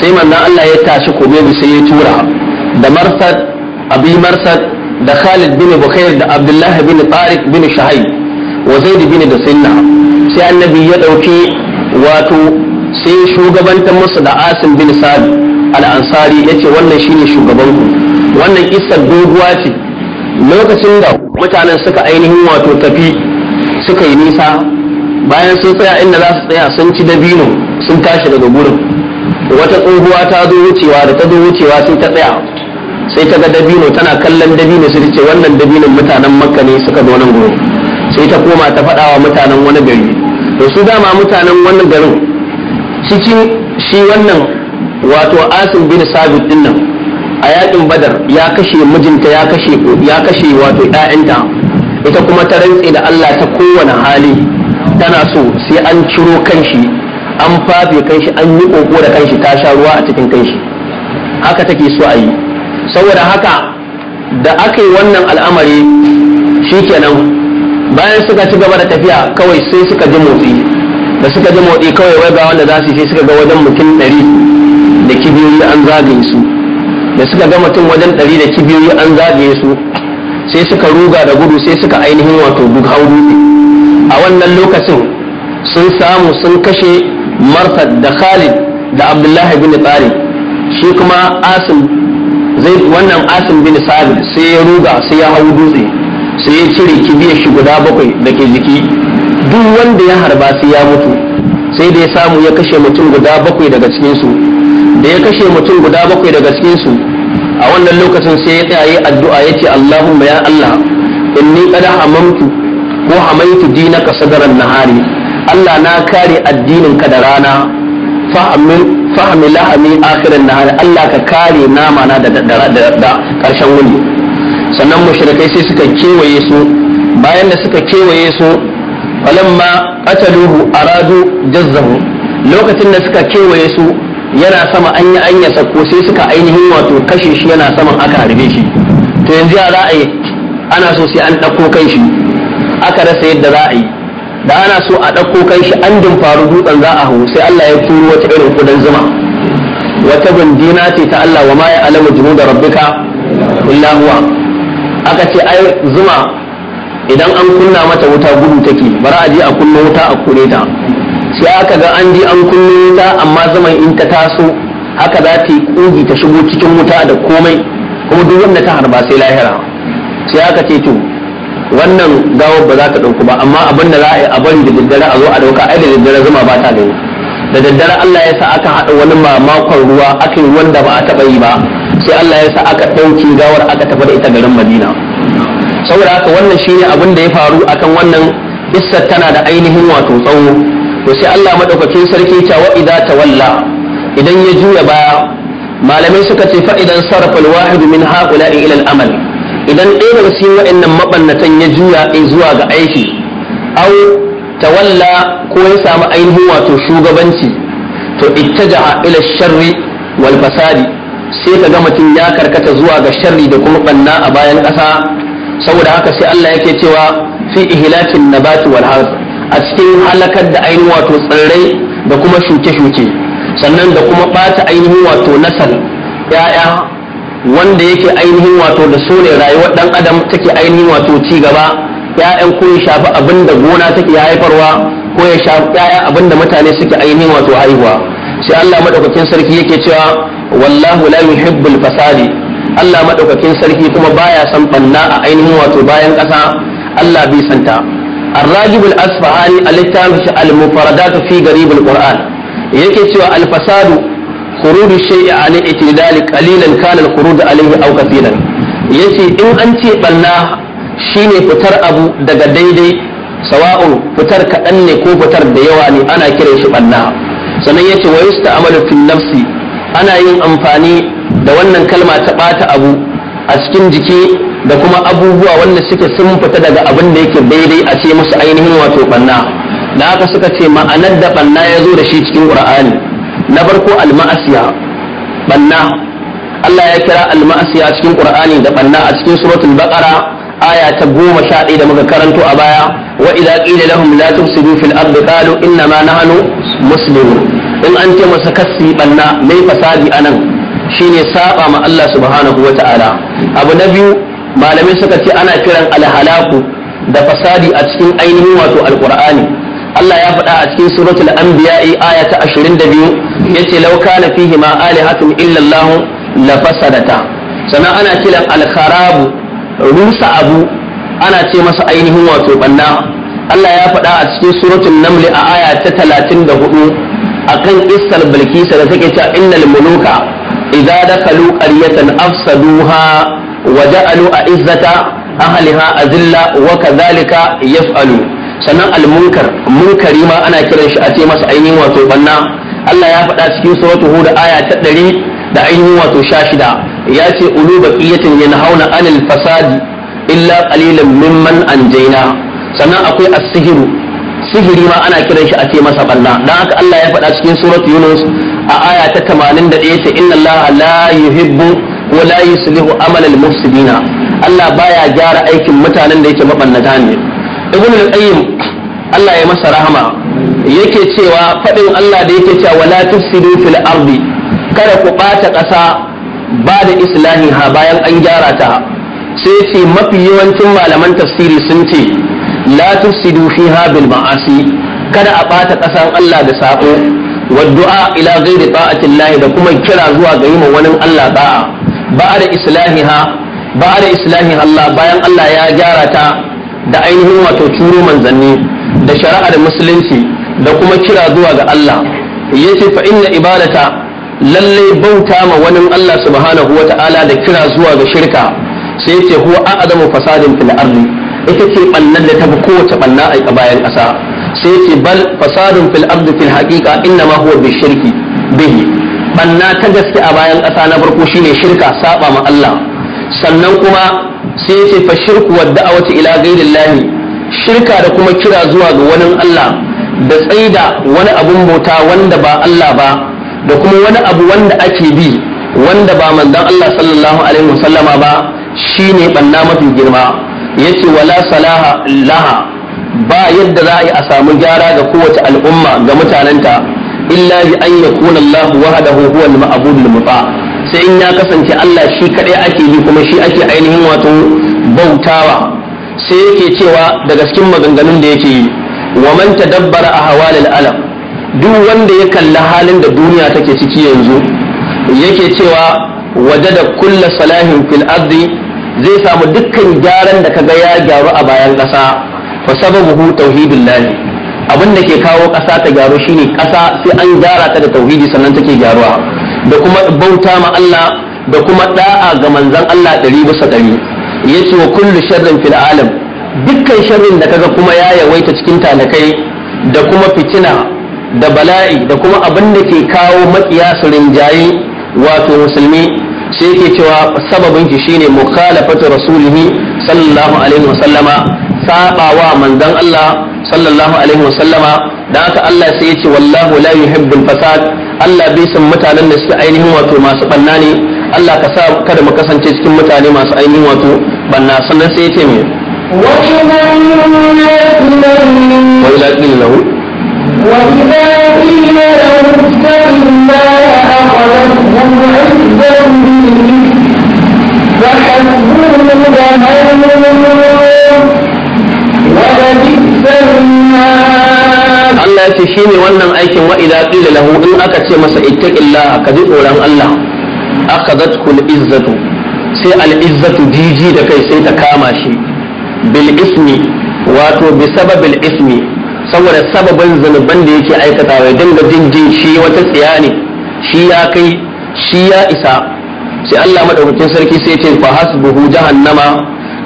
sai manzon Allah ya tashi khubayb sai ya tura da marsad abi marsad da Khalid bin Bukhair da Abdullahi bin Tariq bin Shahid wa zaid bin da sinna sai annabi ya ɗauki wato sai shugabantar musu da asin bin sabi al ya ce wannan shine shugabanku. ku wannan isar doguwa ce lokacin da mutanen suka ainihin wato tafi suka yi nisa bayan sun tsaya inda za su tsaya sun ci dabino sun tashi daga gurin wata tsohuwa ta zo wucewa da ta zo wucewa sai ta tsaya sai ta ga dabino tana kallon dabino sai ta ce wannan dabinon mutanen makka ne suka zo nan gurin sai ta koma ta faɗa wa mutanen wani gari to su dama mutanen wani garin cikin shi wannan wato asim bin sabit din nan a yakin badar ya kashe mijinta ya kashe ya kashe wato ɗayanta ita kuma ta rantse da Allah ta kowane hali tana so sai an ciro kanshi an fafe kanshi an yi koko da kanshi ta sha ruwa a cikin kanshi haka take so a yi saboda haka da aka yi wannan al'amari shi shikenan bayan suka ci gaba da tafiya kawai sai suka ji motsi da suka ji motsi kawai wai ga wanda za su sai suka ga wajen mutum ɗari da kibiyoyi an zagaye su da suka ga mutum wajen ɗari da kibiyoyi an zagaye su sai suka ruga da gudu sai suka ainihin wato duk hauru a wannan lokacin sun samu sun kashe marta da khalid da abdullahi bin tsari shi kuma asim zai wannan asim bin sabi sai ya ruga sai ya hau dutse sai ya cire kibiyar shi guda bakwai da ke jiki duk wanda ya harba sai ya mutu sai da ya samu ya kashe mutum guda bakwai daga cikinsu da ya kashe mutum guda bakwai daga cikinsu a wannan lokacin sai ya tsaye addu'a ya ce Allahumma ya Allah inni qad hamamtu ko hamaitu dinaka sadaran nahari Allah na kare addinin ka da rana a fahimi lahami akhirin nahari Allah ka kare nama na da karshen wuni sannan mushrikai sai suka kewaye su bayan da suka kewaye su falamma qataluhu aradu jazzahu lokacin da suka kewaye su yana sama an yi anya sako sai suka ainihin wato kashe shi yana saman aka harbe shi to yanzu ya za yi ana so sai an ɗauko kan shi aka rasa yadda za a yi da ana so a ɗauko kan shi an faru dutsen za a hu sai Allah ya turo wata irin kudan zuma wata bindina ce ta Allah wa ma ya alamu da rabbika illa huwa aka ce ai zuma idan an kunna mata wuta gudu take bara a je a kunna wuta a kure ta sai aka ga an ji an kunna wuta amma zuman in ta taso haka za ta yi kugi ta shigo cikin wuta da komai kuma duk wanda ta harba sai lahira sai aka ce to wannan gawar ba za ta ɗauku ba amma abin da za a yi a bari da daddare a zo a ɗauka ai da daddare zuma ba ta gani da daddare Allah ya sa aka haɗa wani makon ruwa aka yi wanda ba a taɓa yi ba sai Allah ya sa aka ɗauki gawar aka tafi da ita garin Madina saboda haka wannan shine abin da ya faru akan wannan issa tana da ainihin wato tsawo to sai Allah madaukakin sarki ta wa idza tawalla idan ya juya baya malamai suka ce fa idan sarafa al min ha'ula'i ila al-amal idan ɗaya daga cikin waɗannan mabannatan ya juya zuwa ga aiki au tawalla ko ya samu ainihin wato shugabanci to ittajaha ila sharri wal fasadi sai ka ga mutum ya karkata zuwa ga sharri da kuma banna a bayan ƙasa saboda haka sai Allah yake cewa fi ihlakin nabati wal harz a cikin halakar da ainihin wato tsirrai da kuma shuke-shuke sannan da kuma bata ainihin wato nasal ya'ya wanda yake ainihin wato da sune ne rayuwar dan adam take ainihin wato ci gaba ya'yan ko ya shafi abin da gona take haifarwa ko ya shafi ya'ya abin da mutane suke ainihin wato haihuwa sai Allah madaukakin sarki yake cewa والله لا يحب الفساد الله ما دوكين سركي كما بايا سان فنا عينه واتو بايان قسا الله بي سانتا الراجب الاصفهاني الكتاب المفردات في غريب القران yake cewa alfasadu khurudu shay'i an itidal qalilan kana alkhurud alayhi aw kathiran yace in an ce balla shine fitar abu daga daidai sawa'un fitar kaɗan ne ko fitar da yawa ne ana kiran shi balla sannan yace wa yasta amalu fi nafsi ana yin amfani da wannan kalma ta ɓata abu a cikin jiki da kuma abubuwa wanda suke sun fita daga abin da yake daidai a ce musu ainihin wato ɓanna, da haka suka ce ma'anar da ɓanna ya zo da shi cikin ƙur'ani. na farko alma'asiya banna Allah ya kira alma'asiya cikin ƙur'ani da banna a cikin suratul baqara aya ta goma sha ɗaya da muka karanto a baya wa idza qila lahum la tufsidu fil ardi qalu inna nahnu muslimun in an ce masa kasi banna mai fasadi anan shine saba ma Allah subhanahu wa ta'ala abu na biyu malamai suka ce ana kiran alhalaku da fasadi a cikin ainihin wato alqur'ani Allah ya faɗa a cikin suratul anbiya aya ta 22 yace law kana fihi ma alihatun illa Allah la fasadata sannan ana kiran alkarabu, rusa abu ana ce masa ainihin wato banna Allah ya faɗa a cikin suratul naml a aya ta 34 akan kissar bilkisa da take cewa innal muluka idza dakalu qaryatan afsaduha wa ja'alu a'izzata ahliha azilla wa kadhalika yaf'alu sannan al-munkar munkari ma ana kiran shi a ce masa ainihin wato banna Allah ya faɗa cikin suratul hud aya ta 100 da ainihin wato 16 ya ce ulu baqiyatin yanhauna anil fasadi illa qalilan mimman anjayna sannan akwai as-sihru sihiri ma ana kiran shi a ce masa balla dan haka Allah ya faɗa cikin suratu Yunus a aya ta 81 ta inna Allah la yuhibbu wa la yuslihu amal al mufsidina Allah baya gyara aikin mutanen da yake mabannata ne ibn al-qayyim Allah ya masa rahama yake cewa faɗin Allah da yake cewa wala tufsidu fil ardi kada ku ɓata ƙasa ba da islahi ha, bayan an gyara ta sai ce mafi yawancin malaman tafsiri sun ce la tufsidu fiha bil ma'asi kada a ɓata kasan Allah da sako waddu'a ila ghairi ta'atillahi da kuma kira zuwa ga yima wani Allah ba'a ba'a da da islahi Allah bayan Allah ya gyara ta da ainihin wato turo manzanni da shari'ar musulunci da kuma kira zuwa ga Allah yace fa inna ibadata lallai bauta ma wani Allah subhanahu wata'ala da kira zuwa ga shirka sai yace huwa a'zamu fasadin fil ardi ita ce ɓannan da ta fi kowace ɓanna a bayan ƙasa sai ce bal fasadun fil ardi fil haqiqa inna ma huwa shirki bihi banna ta gaske a bayan ƙasa na farko shine shirka saba ma Allah sannan kuma sai ce fa shirku wa da'awati ila ghairillahi shirka da kuma kira zuwa ga wani Allah da tsaida wani abun bauta wanda ba Allah ba da kuma wani abu wanda ake bi wanda ba manzon Allah sallallahu alaihi wasallama ba shine banna mafi girma yace wala salaha laha ba yadda za a yi a samu gyara ga kowace al'umma ga mutanenta illa bi an yakuna Allah wahdahu huwa al-ma'bud al-muta sai in ya kasance Allah shi kadai ake yi kuma shi ake ainihin wato bautawa sai yake cewa daga cikin maganganun da yake yi wa manta tadabbara a al-alam duk wanda ya kalli halin da duniya take ciki yanzu yake cewa wajada kulla salahin fil ardi zai samu dukkan gyaran da kaga ya gyaru a bayan ƙasa fa sababuhu tauhidul lahi abin da ke kawo ƙasa ta gyaru shine ƙasa sai an gyara ta da tauhidi sannan take gyaruwa da kuma bauta ma Allah da kuma da'a ga manzon Allah ɗari bisa ɗari yace wa kullu sharrin fil alam dukkan sharrin da kaga kuma ya yawaita cikin talakai da kuma fitina da bala'i da kuma abin da ke kawo makiya su rinjaye wato musulmi sai yake cewa sababin ki shine mukhalafatu rasulihi sallallahu alaihi wasallama sabawa manzon Allah sallallahu alaihi wasallama da haka Allah sai ya ce wallahu la yuhibbul fasad Allah bai san mutanen da suke ainihin wato masu banna ne Allah ka sa kada mu kasance cikin mutane masu ainihin wato banna sannan sai ya ce me وإذا قيل له وإذا قيل له اتق الله لهم عزة فحسبوه جهنم Allah ce shi ne wannan aikin wa'ida ƙila lahu in aka ce masa ittaqillah ka ji tsoron Allah aka zatkul izzatu sai al'izzatu jiji da kai sai ta kama shi bil ismi wato bi sababil ismi saboda sababin zanuban da yake aikata ya dinga jin jin shi wata tsiya ne shi ya kai shi ya isa sai Allah madaukakin sarki sai ce fa hasbuhu jahannama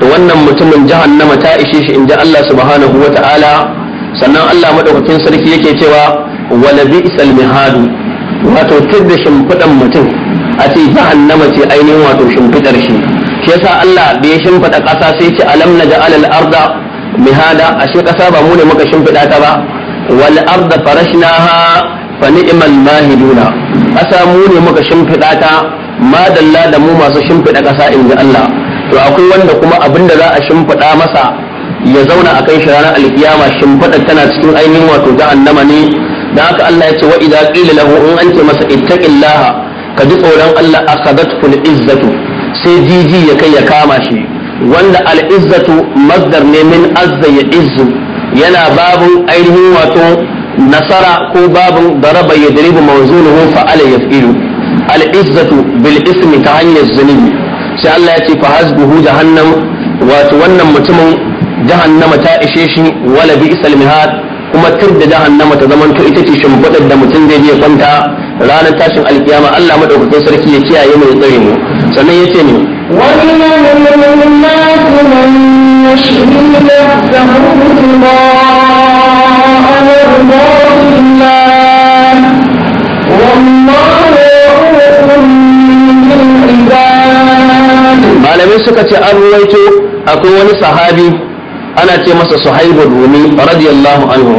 to wannan mutumin jahannama ta ishe shi inji Allah subhanahu wata'ala sannan Allah madaukakin sarki yake cewa wala bi'sal mihadu wato tudda shimfidan mutum a ce jahannama ce ainihin wato shimfidar shi shi yasa Allah bai shimfida ƙasa sai ce alam naj'al al-arda mihada ashe ƙasa ba mu ne muka shimfida ta ba wal arda farashnaha fani'imal mahiduna A mu ne muka shimfiɗa ta madalla da mu masu shimfiɗa ƙasa in ji Allah to akwai wanda kuma abin da za a shimfiɗa masa ya zauna a kan shi ranar alkiyama shimfiɗa tana cikin ainihin wato jahannama ne da haka Allah ya ce wa idza qila lahu in an ce masa ittaqillaha ka ji tsoron Allah akhadatul izzatu sai jiji ya kai ya kama shi wanda al-izzatu masdar ne min azza ya izzu yana babu ainihin wato nasara ko babin daraba ya diribu mawzunuhu fa ala yafilu al izzatu bil ismi ta hanyar zunubi sai Allah ya ce fa da jahannam wato wannan mutumin jahannama ta ishe shi wala bi isal mihad kuma tur da jahannama ta zamanto ita ce shimfiɗar da mutum zai je kwanta ranar tashin alkiyama Allah madaukakin sarki ya kiyaye mu ya tsare mu sannan ya ce ne ومن الناس من يشري نفسه ابتغاء malamai suka ce an ruwaito akwai wani sahabi ana ce masa suhaibu rumi radiyallahu anhu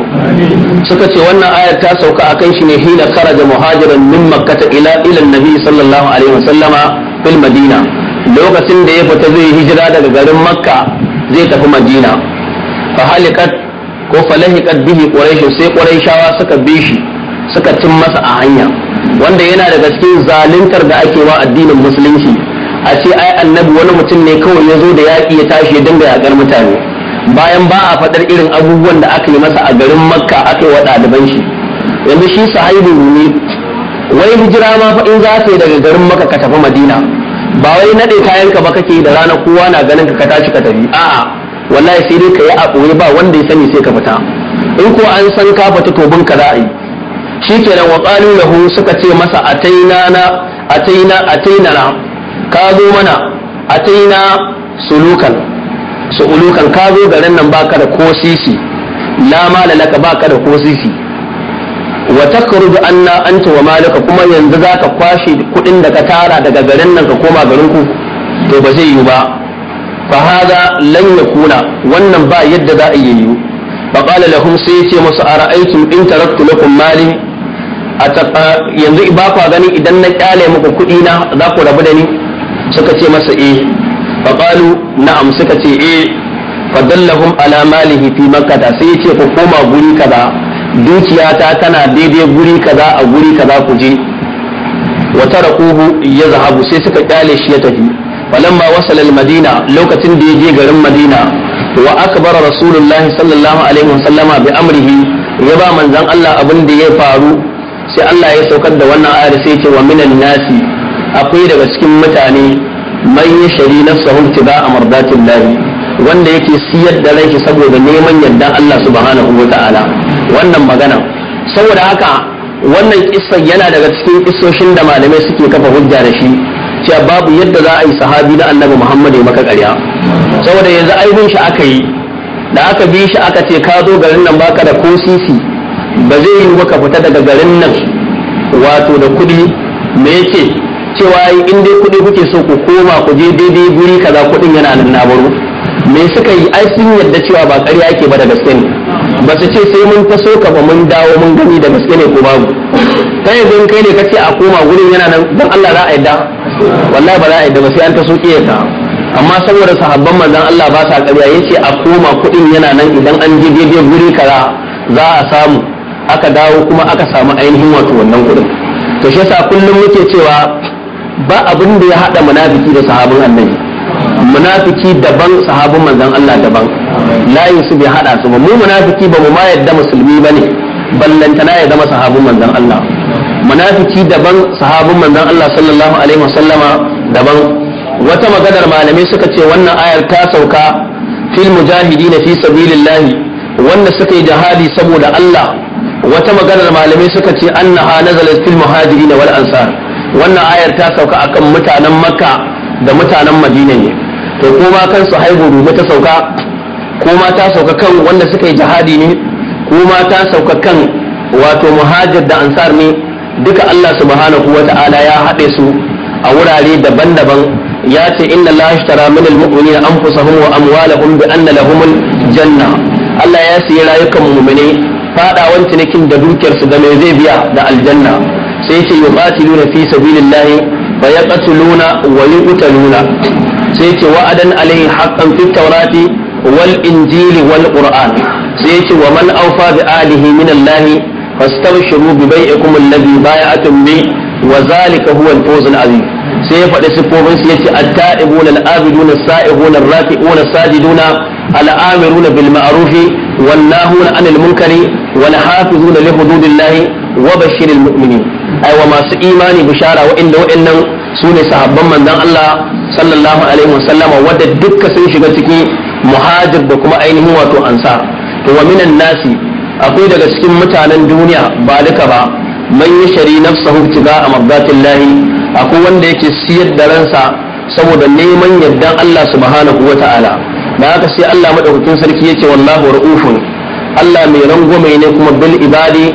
suka ce wannan ayar ta sauka a kan shi ne hina karaja muhajirin min makkata ila ilan nabi sallallahu alaihi wasallama fil madina lokacin da ya fita zai hijira daga garin makka zai tafi madina fa halikat ko falahiqat bihi quraish sai quraishawa suka bi shi suka cin masa a hanya wanda yana da cikin zaluntar da ake wa addinin musulunci a ce ai annabi wani mutum ne kawai ya zo da yaƙi ya tashi ya dinga yaƙar mutane bayan ba a faɗar irin abubuwan da aka yi masa a garin makka aka yi wa ɗaliban shi yanzu shi sahibi ne wai hijira ma fa in za ka yi daga garin makka ka tafi madina ba wai naɗe kayanka ba kake da rana kowa na ganin ka ka tashi ka tafi a'a wallahi sai dai ka yi a ɓoye ba wanda ya sani sai ka fita in ko an san ka fita to bin ka za a yi Shi ke wa qalu lahu suka ce masa ataina na ataina ataina na ka zo mana ataina sulukan su'ulukan ka zo garin nan baka da ko sisi la mala laka baka da ko sisi wa takhruju anna anta wa malaka kuma yanzu zaka kwashe kuɗin da ka tara daga garin nan ka koma garin ku to ba zai yi ba fa hada lan yakuna wannan ba yadda za a yi fa qala lahum sai yace musu ara'aytum in taraktu mali yanzu ba kwa gani idan na kyale muku kuɗi na za ku rabu da ni suka ce masa eh fa qalu na'am suka ce eh fa dallahum ala malihi fi makkah sai yace ku koma guri kaza dukiyata tana daidai guri kaza a guri kaza ku je Wata wa ya zahabu sai suka kyale shi ya tafi falamma wasala al-madina lokacin da ya je garin madina wa aka akbara rasulullahi sallallahu alaihi wasallama bi amrihi ya ba manzan Allah abin da ya faru sai Allah ya saukar da wannan ayar sai ce wa minan nasi akwai daga cikin mutane man yashri nafsahu tiba'a mardatillahi wanda yake siyar da rai saboda neman yardan Allah subhanahu wata'ala wannan magana saboda haka wannan kissan yana daga cikin isoshin da malamai suke kafa hujja da shi gaskiya babu yadda za a yi sahabi na annabi muhammad ya maka ƙarya saboda yanzu aibin shi aka yi da aka bi shi aka ce ka zo garin nan baka da ko sisi ba zai yi ka fita daga garin nan wato da kuɗi me yake cewa in dai kuɗi kuke so ku koma ku je daidai guri kaza kuɗin yana nan na baro me suka yi ai sun yadda cewa ba ƙarya yake ba da gaske ne ba su ce sai mun taso ka ba mun dawo mun gani da gaske ne ko babu ta yanzu kai ne kace a koma gurin yana nan don Allah za a yadda wallahi ba za a yi da ba sai an ta soke ta amma saboda sahabban manzon Allah ba sa ƙarya yace a koma kuɗin yana nan idan an je daidai guri kaza za a samu aka dawo kuma aka samu ainihin wato wannan kuɗin to shi yasa kullum muke cewa ba abin da ya haɗa munafiki da sahabban annabi munafiki daban sahabban manzon Allah daban layin su bai haɗa su ba mu munafiki ba mu ma yadda musulmi bane ballantana ya zama sahabin manzon Allah munafiki daban sahabin manzon Allah sallallahu alaihi wasallama daban wata maganar malamai suka ce wannan ayar ta sauka fil mujahidin fi sabilillah wanda suka yi jihadi saboda Allah wata maganar malamai suka ce annaha nazalat fil muhajirin wal ansar wannan ayar ta sauka akan mutanen Makka da mutanen Madina ne to ko ma kansu haihu ta sauka ko ma ta sauka kan wanda suka yi jihadi ne ko ma ta sauka kan wato muhajir da ansar ne duka Allah subhanahu wa ta'ala ya haɗe su a wurare daban-daban ya ce inna Allah ashtara min al-mu'minina anfusahum wa amwalahum bi anna lahumul janna Allah ya sayi rayukan mu'mini fadawan cinikin da dukiyarsu da mai zai biya da aljanna sai ce yuqatiluna fi sabilillahi fa yaqtuluna wa yuqtaluna sai ce wa'adan alaihi haqqan fit tawrati wal injili wal qur'an sai ce wa man awfa bi alihi min Allah fastabshiru bi bai'ikum alladhi bay'atum bi wa zalika huwa al-fawz al-azim sai ya faɗi siffofin su yace at-ta'ibun al-abidun as-sa'ihun ar-raki'un as-sajidun al-amirun bil ma'ruf wan nahun 'anil munkari wal hafizun li hududillahi wa bashiril mu'minin ai masu imani bishara wa'inda wa'annan su ne sahabban manzon Allah sallallahu alaihi wasallama wadda dukka sun shiga ciki muhajir da kuma ainihin wato ansar to wa minan nasi akwai daga cikin mutanen duniya ba duka ba man yashari nafsahu tiga a mabdatillahi akwai wanda yake siyar da ransa saboda neman yardan Allah subhanahu wata'ala da haka sai Allah madaukakin sarki yake wallahu ra'ufun Allah mai rangwame ne kuma bil ibadi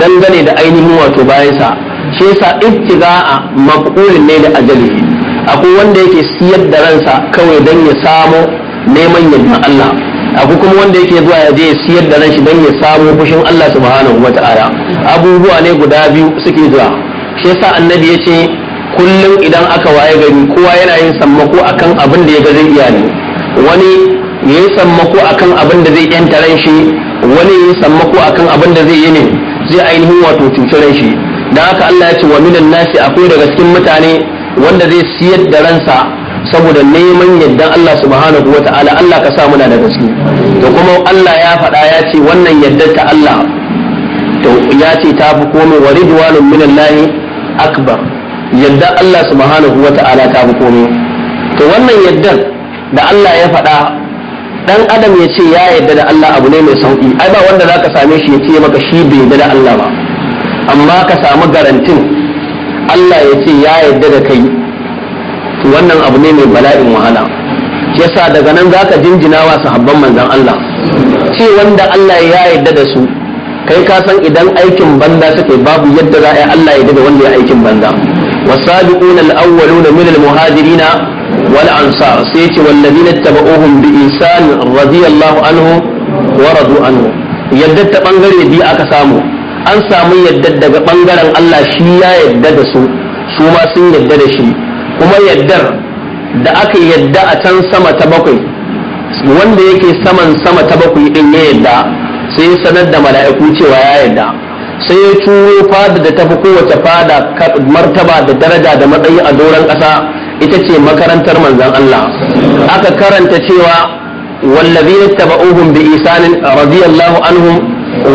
dangane da ainihin wato bayansa shi yasa a maqulun ne da ajali akwai wanda yake siyar da ransa kawai dan ya samo neman yardan Allah Abu kuma wanda yake zuwa ya je ya siyar da ranshi don ya samu fushin Allah subhanahu wata'ala abubuwa ne guda biyu suke zuwa shi yasa annabi ya ce kullum idan aka waye gari kowa yana yin sammako akan abin da ya ga zai iya ne wani ya yi sammako akan abin da zai yanta ran shi wani ya yi sammako akan abin da zai yi ne zai ainihin wato cutar ranshi. dan haka Allah ya ce wa minan nasi akwai daga cikin mutane wanda zai siyar da ransa saboda neman yadda Allah subhanahu Ta'ala, Allah ka sa muna da gaske to kuma Allah ya faɗa ya ce wannan yadda ta Allah to ya ce ta fi komai wa ridwanun minallahi akbar yadda Allah subhanahu Ta'ala ta fi komai to wannan yaddan da Allah ya faɗa dan adam ya ce ya yadda da Allah abu ne mai sauki ai ba wanda zaka same shi ya ce maka shi bai yadda da Allah ba amma ka samu garantin Allah ya ce ya yadda da kai wannan abu ne mai bala'in wahala yasa daga nan za ka jinjinawa sahabban manzan Allah ce wanda Allah ya yarda da su kai ka san idan aikin banza suke babu yadda za a yi Allah ya da wanda ya aikin banza wasabiqun al-awwalun min al-muhajirin wal ansar sai ce walladina tabauhum bi ihsan radiyallahu anhu wa radu anhu yadda ta bangare biyu aka samu an samu yadda daga bangaren Allah shi ya yarda da su su ma sun yarda da shi kuma yaddar da aka yadda a can sama ta bakwai wanda yake saman sama ta bakwai din ya yadda sai ya sanar da mala'iku cewa ya yadda sai ya turo fada da tafi kowace fada martaba da daraja da matsayi a doron ƙasa ita ce makarantar manzon Allah aka karanta cewa والذين bi isanin, رضي الله عنهم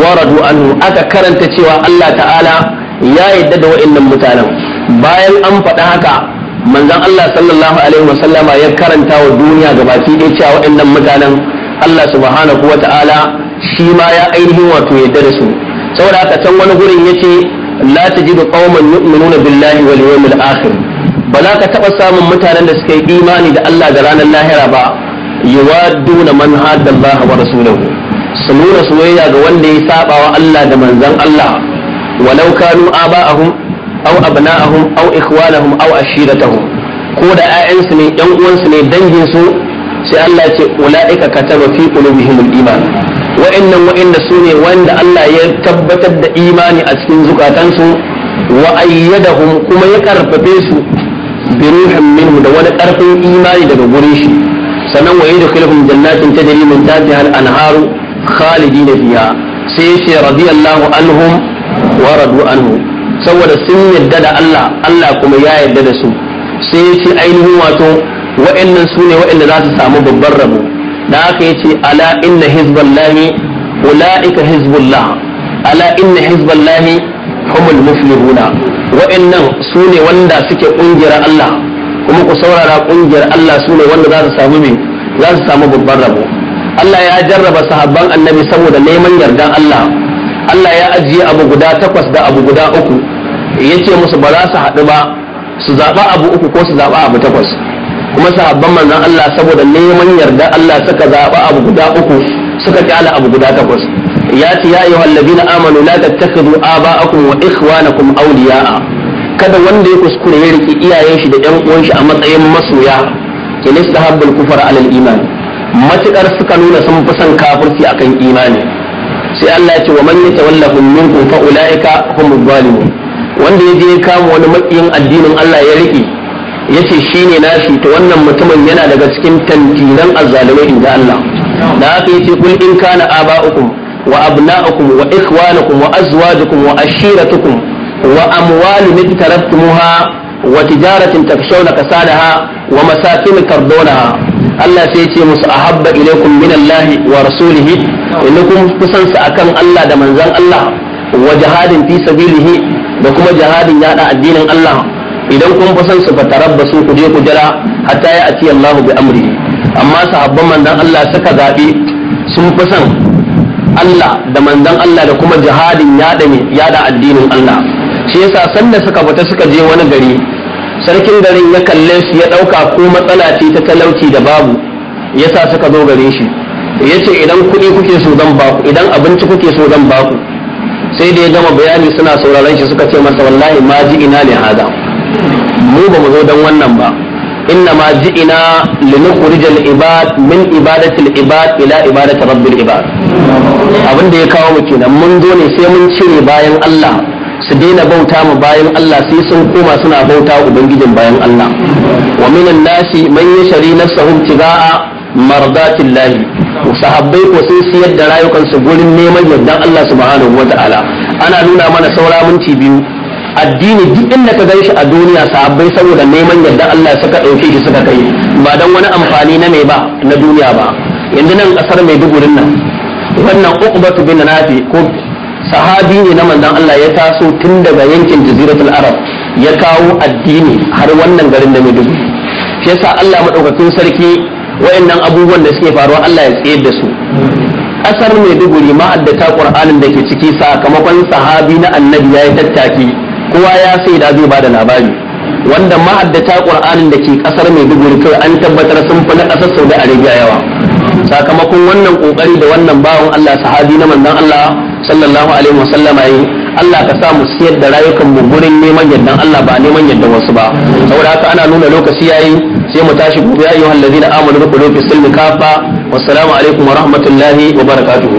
waradu anhu aka karanta cewa Allah ta'ala ya yadda da wa'annan mutanen bayan an faɗa haka manzon Allah sallallahu alaihi wasallama ya karanta wa duniya gabaki ɗaya cewa waɗannan mutanen Allah subhanahu wata'ala shi ma ya ainihin wato yadda da su saboda haka can wani gurin yace la tajidu qauman yu'minuna billahi wal yawmil akhir ba za ka taɓa samun mutanen da suka yi imani da Allah da ranar lahira ba yuwadduna man haddallaha wa rasulahu su nuna soyayya ga wanda ya saba wa Allah da manzon Allah walau kanu aba'ahum aw abna'ahum aw ikhwanahum aw ashiratahum ko da ƴaƴansu ne ƴan uwansu ne dangin su sai Allah ce ulaika kataba fi qulubihim al-iman wa'annan wa'anda su ne wanda Allah ya tabbatar da imani a cikin zukatansu wa ayyadahum kuma ya karfafe su biruhin ruhin minhu da wani karfin imani daga gurin shi sannan wa yadkhuluhum jannatin ta min tahtiha al-anharu khalidina fiha sai ya ce radiyallahu anhum wa radu anhu saboda sun yadda da Allah Allah kuma ya yadda da su sai ya ce ainihin wato wa'annan su ne wa'anda za su samu babban rabo da haka ya ce ala inna hizballahi ula'ika hizbullah ala inna hizballahi humul muflihuna wa'annan su ne wanda suke kungiyar Allah kuma ku saurara kungiyar Allah su ne wanda za su samu min za su samu babban rabo Allah ya jarraba sahabban annabi saboda neman yardan Allah Allah ya ajiye abu guda takwas da abu guda uku ya ce musu ba za su haɗu ba su zaɓa abu uku ko su zaɓa abu takwas kuma sahabban manzon Allah saboda neman yarda Allah suka zaɓa abu guda uku suka kyala abu guda takwas ya ce ya ayyuhal ladina amanu la tattakhidhu aba'akum wa ikhwanakum awliya'a kada wanda ya kuskure ya riki iyayen shi da ƴan uwan shi a matsayin masoya kilistahabbul kufara alal iman matukar suka nuna sun fi son kafirci akan imani sai Allah ya ce wa man yatawallahu minkum fa ulaika humuz zalimun wanda yaje ya kama wani makiyin addinin Allah ya rike yace shine nashi to wannan mutumin yana daga cikin tantiran azzalumai inda Allah da haka yace kul in kana aba'ukum wa abna'ukum wa ikhwanukum wa azwajukum wa ashiratukum wa amwalun iktaraftumuha وتجارة تخشون كسادها ومساكن ترضونها Allah sai ya ce musu ahabba ilaikum min Allah wa rasulihi inda kun kusan su akan Allah da manzan Allah wa jihadin fi sabilihi da kuma jihadin yada addinin Allah idan kun kusan su fatarabbasu ku je ku jira hatta ya ati Allah bi amri amma sahabban manzan Allah suka zabi sun kusan Allah da manzan Allah da kuma jihadin yada yada addinin Allah shi yasa sanda suka fita suka je wani gari sarkin garin ya kalle su ya ɗauka ko matsala ce ta talauci da babu ya sa suka zo gare shi ya ce idan kuɗi kuke so zan baku idan abinci kuke so zan baku sai da ya gama bayani suna sauraron shi suka ce masa wallahi ma ji ina ne hada mu ba mu zo don wannan ba inna ma ji ina linukhrijal ibad min ibadatil ibad ila ibadati rabbil ibad abin da ya kawo mu kenan mun zo ne sai mun cire bayan Allah su daina bauta ma bayan Allah sai sun koma suna bauta ubangijin bayan Allah wa minan nasi man yashri nafsahu tiba'a mardatillahi sahabbai ko sun siyar da rayukansu gurin neman yardan Allah subhanahu wata'ala ana nuna mana saura minti biyu addini duk inda ka gan shi a duniya sahabbai saboda neman yadda Allah suka ɗauke shi suka kai ba don wani amfani na mai ba na duniya ba yanzu nan ƙasar mai dugurin nan wannan uqbatu bin nafi ko sahabi ne na manzon Allah ya taso tun daga yankin jaziratul arab ya kawo addini har wannan garin da mai shi yasa Allah madaukakin sarki wayannan abubuwan da suke faruwa Allah ya tsayar da su kasar Maiduguri ma'addata Qur'anin da ke ciki sakamakon sahabi na annabi ya yi tattaki kowa ya sai da zai bada labari wanda ma'addata Qur'anin da ke kasar Maiduguri kai an tabbatar sun fi na kasar Saudi Arabia yawa sakamakon wannan kokari da wannan bawan Allah sahabi na manzon Allah sallallahu alaihi wasallama yi Allah ka sa mu siyar da rayukan mu gurin neman yardan Allah ba neman yardan wasu ba saboda haka ana nuna lokaci yayi sai mu tashi gobe ayyuhal ladina amanu bi qulubi silmi kafa wassalamu alaikum wa rahmatullahi wa barakatuh